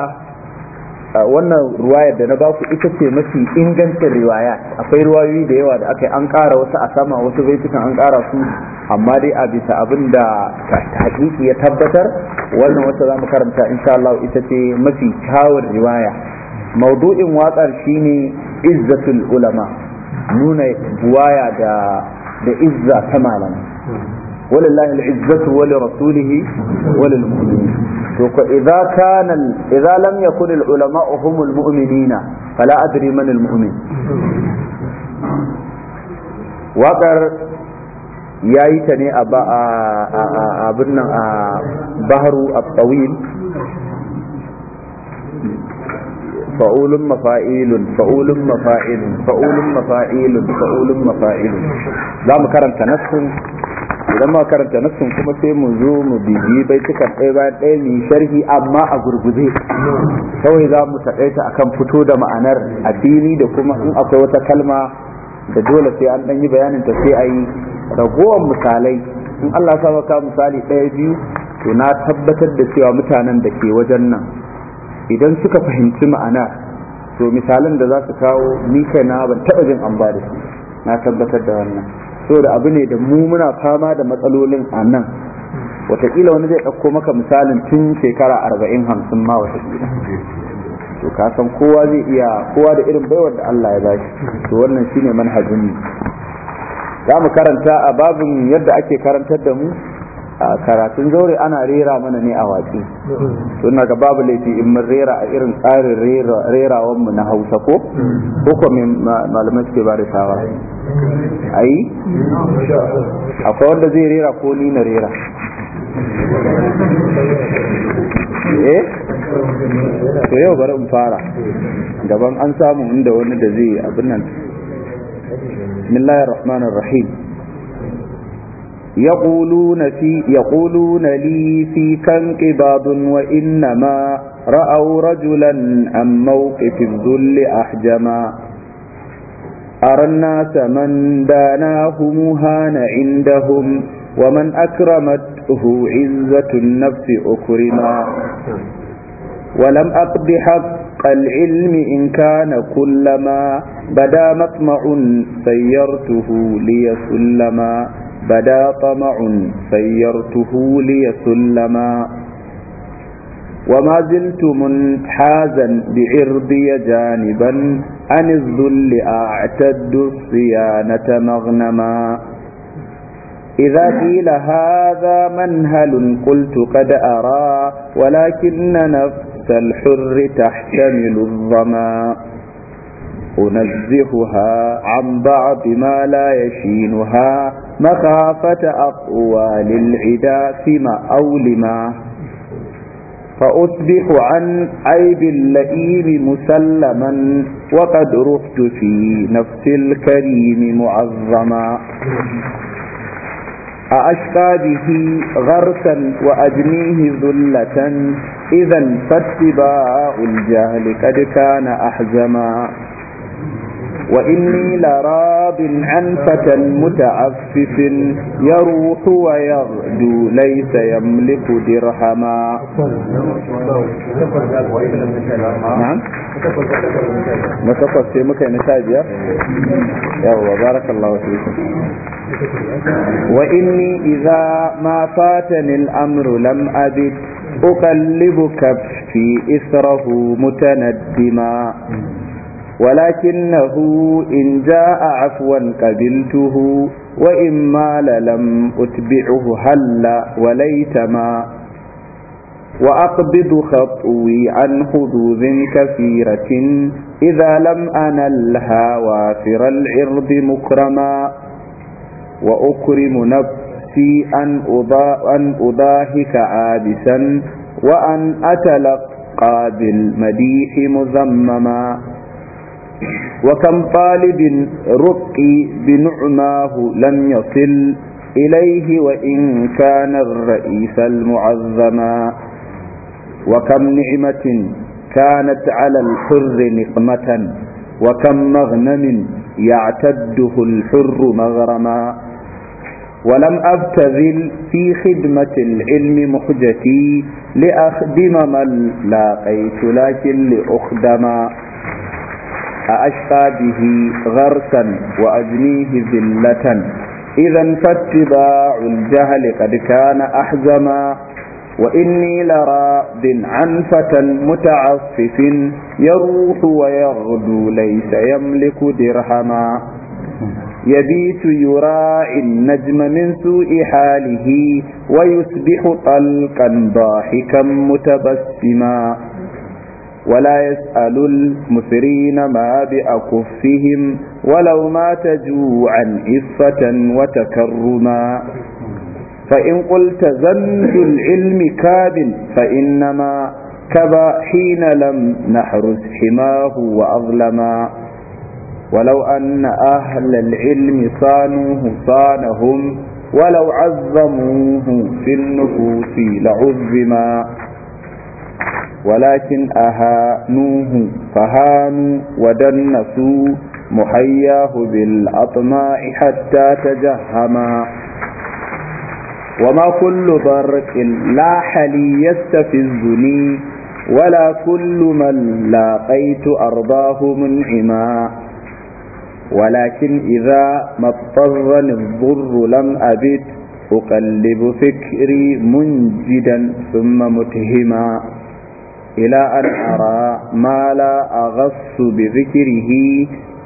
wannan ruwayar da na baku ita ce mafi ingancin riwaya akwai ruwayoyi da yawa da aka yi an ƙara wasu a sama wasu baitukan an ƙara su amma dai a bisa abin da hakiki ya tabbatar wannan wata za mu karanta insha Allah ita ce mafi kyawun riwaya موضوع waƙar shine izzatul ulama nuna buwaya da da izza ta ولله العزة ولرسوله وللمؤمنين إذا كان ال... إذا لم يكن العلماء هم المؤمنين فلا أدري من المؤمن وقر يايتني أبا أبنا بحر الطويل fa'ulun mafa'ilun fa'ulun mafa'ilun fa'ulun mafa'ilun fa'ulun mafa'ilun za mu karanta idan ma karanta nassin kuma sai mu zo mu bibi bai cikan ɗaya bayan ɗaya mai sharhi amma a gurguje kawai za mu taƙaita akan fito da ma'anar addini da kuma in akwai wata kalma da dole sai an ɗan yi bayanin ta sai a yi ragowar misalai in Allah sa ka misali ɗaya biyu to na tabbatar da cewa mutanen da ke wajen nan idan suka fahimci ma'ana to misalan da za su kawo ni kai na, ban taɓa jin an da su na tabbatar da wannan saboda abu ne da mu muna fama da matsalolin a nan wataƙila wani zai ɗauko maka misalin tun shekara arba'in hamsin ma wataƙila to ka san kowa zai iya kowa da irin baiwar da Allah ya ba shi to wannan shine manhajin mu za mu karanta a babin yadda ake karantar da mu a karatun zaure ana rera mana ne a watsi tun ga babu laifi in mun rera a irin tsarin rerawan mu na hausa ko ko min malamai suke ba da ayi akwai wanda zai rera ko ni na rera eh to yau bari in fara daban an samu inda wani da zai abin nan bismillahir rahmanir rahim يقولون في يقولون لي في كم قباب وإنما رأوا رجلا عن موقف الذل أحجما أرى الناس من داناهم هان عندهم ومن أكرمته عزة النفس أكرما ولم أقض حق العلم إن كان كلما بدا مطمع سيرته لي سلما بدا طمع سيرته ليسلما وما زلت منحازا بعرضي جانبا عن الذل أعتد الصيانة مغنما إذا قيل هذا منهل قلت قد أرى ولكن نفس الحر تحتمل الظما أنزهها عن بعض ما لا يشينها مخافة أقوال العدا فيما أو لما فأصبح عن عيب اللئيم مسلما وقد رحت في نفس الكريم معظما أأشقى به غرسا وأجنيه ذلة إذا فاتباع الجهل قد كان أحزما وإني لراض عن فتى متعفف يروح ويغدو ليس يملك درهما نعم في مكان يا الله بارك الله فيكم وإني إذا ما فاتني الأمر لم أجد أقلب كفي إثره متندما ولكنه إن جاء عفوا قبلته وإن مال لم أتبعه هلا وليتما وأقبض خطوي عن حدوذ كثيرة إذا لم أنلها وافر العرض مكرما وأكرم نفسي أن, أضا أن أضاهك عابسا وأن أتلقى بالمديح مذمما وكم طالب رقي بنعماه لم يصل إليه وإن كان الرئيس المعظما وكم نعمة كانت على الحر نقمة وكم مغنم يعتده الحر مغرما ولم أبتذل في خدمة العلم محجتي لأخدم من لاقيت لكن لأخدما أشقى به غرسا وأجنيه ذلة إذا فاتباع الجهل قد كان أحزما وإني لرى بن عنفة متعفف يروح ويغدو ليس يملك درهما يبيت يراعي النجم من سوء حاله ويصبح طلقا ضاحكا متبسما ولا يسأل المسرين ما بأكفهم ولو مات جوعا إفة وتكرما فإن قلت ذنب العلم كاذب فإنما كبا حين لم نحرس حماه وأظلما ولو أن أهل العلم صانوه صانهم ولو عظموه في النفوس لعظما ولكن أهانوه فهانوا ودنسوا محياه بالأطماع حتى تجهما وما كل ضرك لا حلي يستفزني ولا كل من لاقيت أرضاه منعما ولكن إذا ما اضطرني الضر لم أبد أقلب فكري منجدا ثم متهما إلى أن أرى ما لا أغص بذكره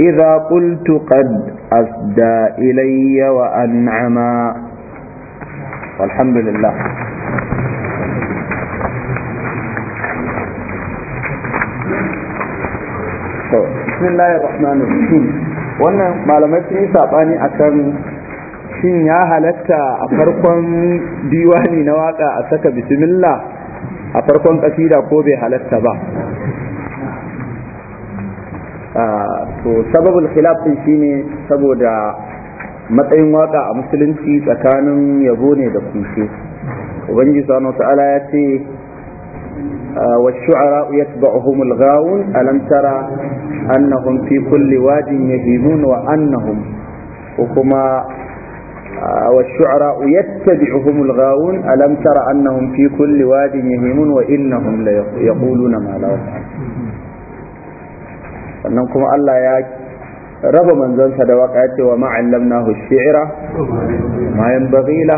إذا قلت قد أسدى إلي وأنعما والحمد لله بسم الله الرحمن الرحيم وانا ما لم يكن يساقاني أكرم شين يا هلتا أفرقم ديواني نواقع أسكى بسم الله a farkon kasida ko bai halatta ba ah, to sababul khilaf din shine saboda matsayin waka a musulunci tsakanin yabo ne da kushe ubangiji subhanahu ta'ala ya ce ah, wa shu'ara yatba'uhum al-ghawun alam tara annahum fi kulli wadin yahibun wa annahum ko kuma والشعراء يتبعهم الغاوون ألم تر أنهم في كل واد يهيمون وإنهم ليقولون ما لا يفعلون sannan kuma Allah ya raba manzonsa da waka ya ce wa ma'allamnahu shi'ra ma yanbaghi la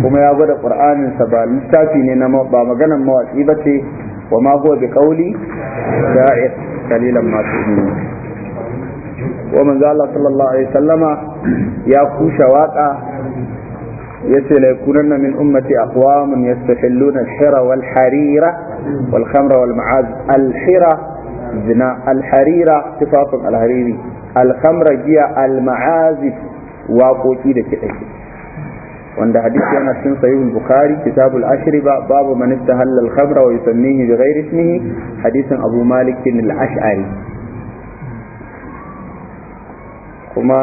kuma ya gwada qur'anin ba littafi ne na ba maganan bace wa ma huwa bi qawli da'i wa manzo sallallahu alaihi sallama ya kusha waka yace la yakunanna min ummati aqwamun yastahilluna al-hira wal harira wal khamra wal ma'az al-hira zina al-harira tifafun al-hariri al-khamra giya al waƙoƙi da kiɗa wanda hadisi yana cikin sahihul bukhari kitabul ashriba babu man istahalla al-khamra wa yusammihi bi ghairi ismihi hadisin abu malik al-ash'ari kuma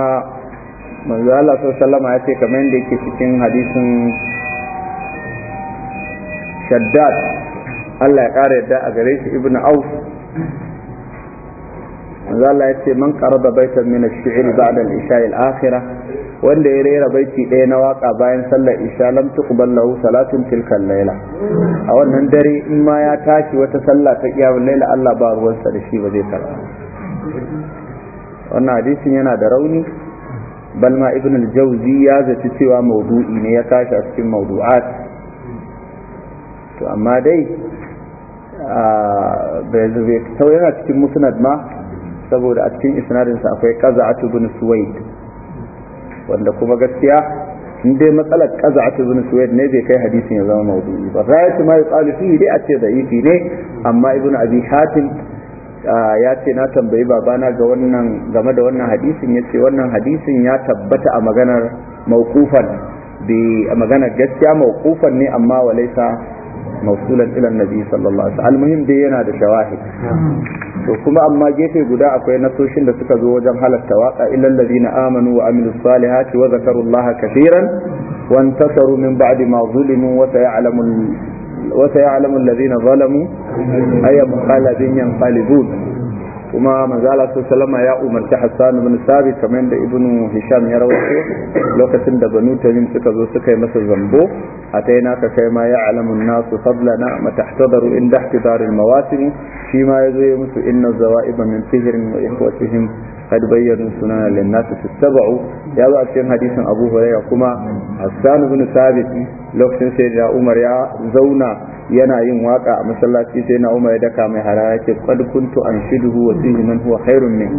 manzo Allah sallama ya ce kamar yadda yake cikin hadisin shaddad Allah ya ƙara yadda a gare shi ibnu auf manzo Allah ya ce man qaraba baitan min ash-shi'r ba'da al-isha al-akhirah wanda ya rera baiti ɗaya na waka bayan sallar isha lam tuqbal lahu salatun tilka al-laila a wannan dare in ma ya tashi wata sallah ta qiyamul laila Allah ba ruwansa da shi ba zai karba wannan hadisin yana da rauni balma ibn al-jawzi ya zaci cewa maudu'i ne ya tashi a cikin maudu'at to amma dai bai sau yana cikin musnad ma saboda a cikin isnadinsa akwai qaza'at ibn suwaid wanda kuma gaskiya in dai matsalar qaza'at ibn suwaid ne zai kai hadisin ya zama maudu'i ba rayatu ma yuqalu fihi dai a ce da'ifi ne amma ibn abi hatim ya ce na tambayi babana ga wannan game da wannan hadisin ya ce wannan hadisin ya tabbata a maganar mawqufan bi a maganar gaskiya mawqufan ne amma walaisa mawsulan ilan nabi sallallahu alaihi wasallam muhim dai yana da shawahid to kuma amma gefe guda akwai nasoshin da suka zo wajen halatta waka illal ladina amanu wa amilus salihati wa zakarullaha kaseeran wa intasaru min ba'di ma zulimu wa sayalamu وسيعلم الذين ظلموا أي منقلب ينقلبون kuma manzala su salama ya umarci hassan ibn sabit kamar da ibn hisham ya rawaito lokacin da banu tamim suka zo suka yi masa zambo a ta yana ka kai ma ya alamun nasu fadlana matahtadaru inda ihtidaril mawasim shi ma ya zo ya musu inna zawaiba min fihrin wa ikhwatihim قد بينوا suna na في السبع ya ذا cikin hadisin Abu Hurairah kuma Hassan ibn Sabit lokacin sai da Umar ya zauna yana yin waƙa, a masallaci sai na Umar ya daka mai harara yake qad kuntu anshiduhu wa fihi man huwa khairun min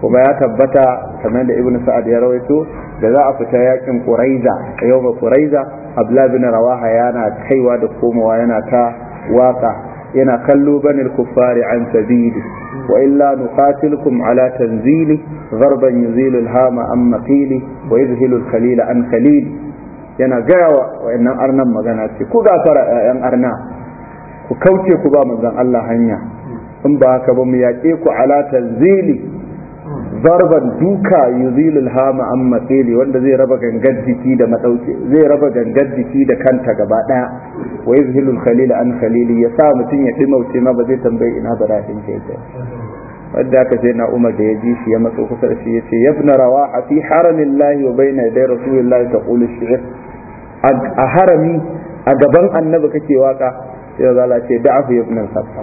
kuma ya tabbata kamar da Ibn Sa'ad ya rawaito da za a fita yaƙin Quraiza yau ba Quraiza Abdullah bin Rawaha yana kaiwa da komowa yana ta waƙa, yana kallo banil kuffari an sabili وإلا نقاتلكم على تنزيله ضربا يزيل الهام عن مقيله ويذهل الخليل عن kalili, yana gayawa wa'annan arnan magana ce ku gafara 'ya'yan arna ku kauce ku ba manzon Allah hanya in ba haka ba mu yaƙe ku ala tanzili zarban duka yuzilul hama an matsili wanda zai raba gangar jiki da madauke zai raba gangar jiki da kanta gaba daya wa yuzhilul khalil an khalili ya sa mutum ya dimauce ma ba zai tambaye ina zarafin ke ce wanda aka ce na umar da ya ji shi ya matso kusa shi ya ce yabna rawaha fi haramillahi wa bayna yaday rasulillahi taqulu shi'r a harami a gaban annabi kake waka sai zala ce da'ahu ya ibn sabba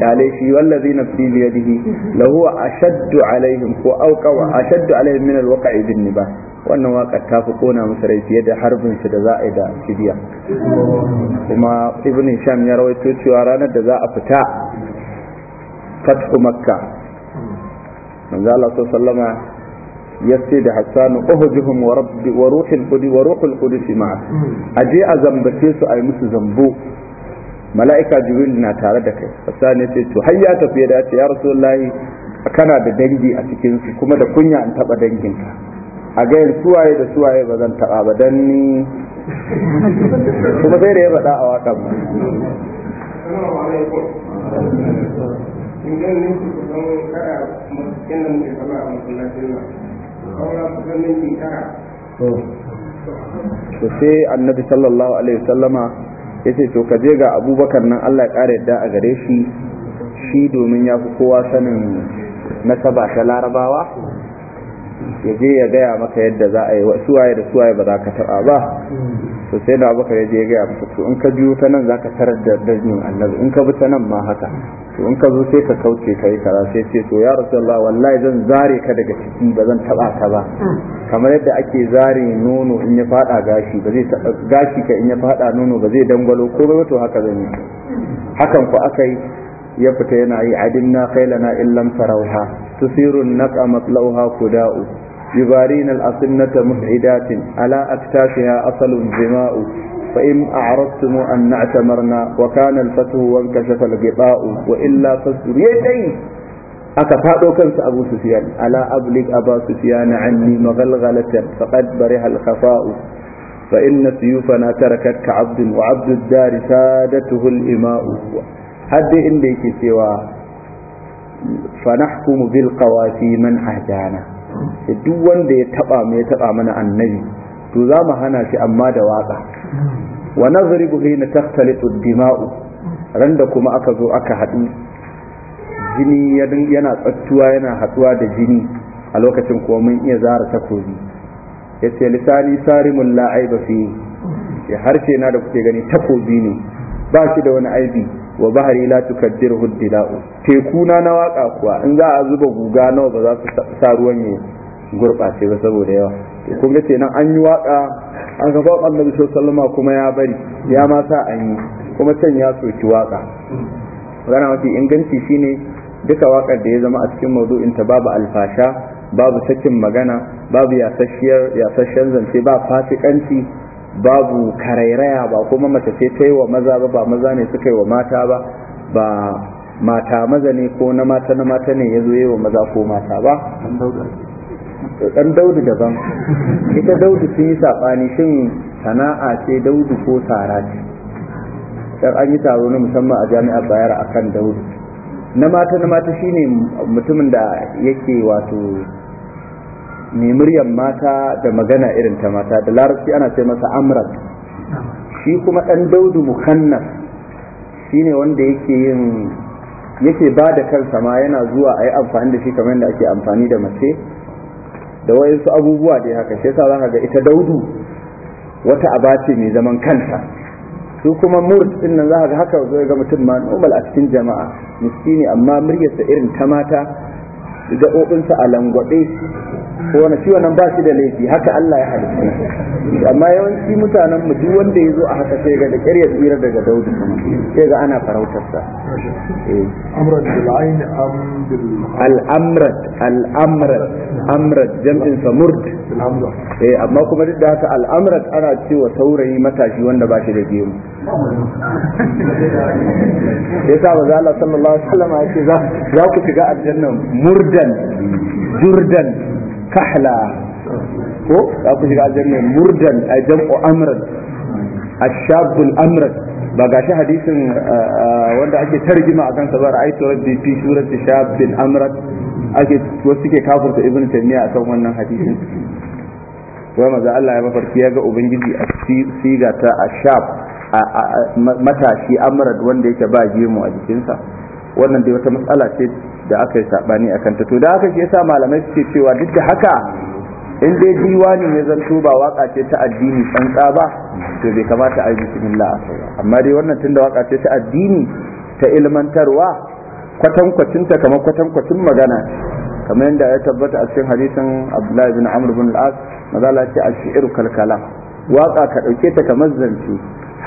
kyale shi wallazi nafsi bi yadihi lahu shaddu alaihim ko a shaddu alaihim waka alwaqi bin ba wannan wakar ta fi kona musu rai fiye da harbin su da za a yi da kibiya kuma ibn sham ya rawaito cewa ranar da za a fita fatku makka manzo Allah sallama ya ce da hassanu uhjuhum wa rabbi wa ruhul qudus wa ruhul qudus ma'a aje a zambace su a yi musu zambu. mala'ika jibril na tare da kai fasani ya ce to har ya tafi ya dace ya rasulullahi kana da dangi a cikin su kuma da kunya an taba danginka a gayar suwaye da suwaye ba zan taba ba dan ni kuma sai da ya faɗa a waƙan ba sai annabi sallallahu alaihi wasallama yace to ka je ga abubakar nan Allah ya ƙara yadda a gare shi shi domin ya fi kowa sanin nasaba ta larabawa ya je ya gaya maka yadda za a yi wa suwaye da suwaye ba za ka taɓa ba to sai da abubakar ya je ya gaya maka to in ka biyo ta nan za ka tarar da dajin annabi in ka bi ta nan ma haka to in ka zo sai ka kauce ka yi kara sai ce to ya rasulullah wallahi zan zare ka daga ciki ba zan taɓa ka ba kamar yadda ake zare nono in ya faɗa gashi ba zai gashi ka in ya fada nono ba zai dangwalo ko ba to haka zan yi hakan ku aka yi ya fita yana yi adinna khailana illam tarauha tusirun naqa matlauha kuda'u يبارين الأصنة مبعدات على أكتافها أصل ظماء فإن أعرضتم أن اعتمرنا وكان الفتح وانكشف الغطاء وإلا فاسجد يدين aka faɗo kansa abu sufiyan ala ablig aba sufiyan anni maghalghalatan faqad bariha al-khafa'u fa inna suyufana tarakat ka abdun wa abdu dari sadatuhu al-ima'u har dai inda yake cewa fanahkumu bil qawasi man ahdana duk wanda ya taba mu ya taba mana annabi to za mu hana shi amma da waka wa nazribu hina takhtalitu dima'u randa kuma aka zo aka haɗu jini yana tsattuwa yana haɗuwa da jini a lokacin kuma mun iya zara takobi ya ce lisani sarimul la fi ya harshe na da kuke gani takobi ne ba shi da wani aibi wa bahari la tukaddiruhu dila'u tekuna na waka kuwa in za a zuba guga nawa ba za su sa ruwan ya gurɓace ba saboda yawa kun ga kenan an yi waka an ga ba annabi sallama kuma ya bari ya ma sa an yi kuma can ya soki waka magana mafi inganci shine duka wakar da ya zama a cikin mawdu'in ta babu alfasha babu sakin magana babu yasasshiyar zance ba fasikanci babu karairaya ba kuma mace ce ta yi wa maza ba ba maza ne suka yi wa mata ba ba mata maza ne ko na mata na mata ne ya zo yi wa maza ko mata ba dan daudu daban ita daudu sun yi saɓani shin sana'a ce daudu ko sara ce dan an yi taro na musamman a jami'ar bayar akan daudu na mata na mata shine mutumin da yake wato mai muryar mata da magana irin ta mata da larabci ana ce masa amrat shi kuma ɗan daudu shi shine wanda yake yin yake ba da kansa ma yana zuwa a yi amfani da shi kamar yadda ake amfani da mace da su abubuwa dai haka shi yasa zaka ga ita daudu wata aba mai zaman kanta su kuma mur din nan zaka ga haka zai ga mutum ma normal a cikin jama'a miskini amma muryarsa irin ta mata da gaɓoɓinsa a langwaɗe ko wani shi wannan ba shi da laifi haka Allah ya halitta amma yawanci mutanen mu duk wanda ya zo a haka sai ga da kyar ya tsira daga daudu sai ga ana farautar sa eh. amrad bil ayn am bil al-amrad al-amrad amrad jam'in sa murd eh amma kuma duk da haka al-amrad ana cewa saurayi matashi wanda ba shi da gemu yasa ba Allah sallallahu alaihi wasallam ya ce za ku shiga aljanna murdan jurdan kahla ko za ku shiga aljanna murdan a jam'u amran ashabul amran ba ga shi hadisin eh, eh, wanda ake tarjima akan sa ba ra'aytu rabbi fi surati shabbin amran ake wasu suke kafurta ibnu taymiya akan wannan hadisin wai maza Allah ya mafarki ya ga ubangiji a siga ta ashab matashi amrad wanda yake ba gemu a jikinsa wannan dai wata matsala ce da aka yi sabani a kanta to da aka shi yasa malamai suke cewa duk da haka in dai diwani ya zanto ba waka ce ta addini tsantsa ba to bai kamata a yi bismillah a sauya amma dai wannan tunda waka ce ta addini ta ilmantarwa kwatankwacin ta kamar kwatankwacin magana kamar yadda ya tabbata a cikin hadisin Abdullahi bin Amr bin al-As mazala ce al-shi'ru waka ka ɗauke ta kamar zance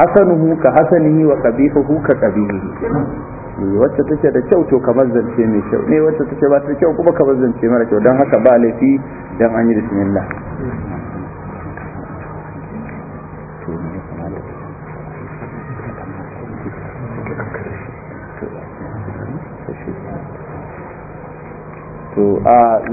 hasanuhu ka hasanihi wa qabihuhu ka qabihihi Eh, wacce take da kyau to kamar zance mai kyau ne eh, wacce take ba ta kyau kuma kamar zance mara kyau don haka ba laifi don an yi bismillah to a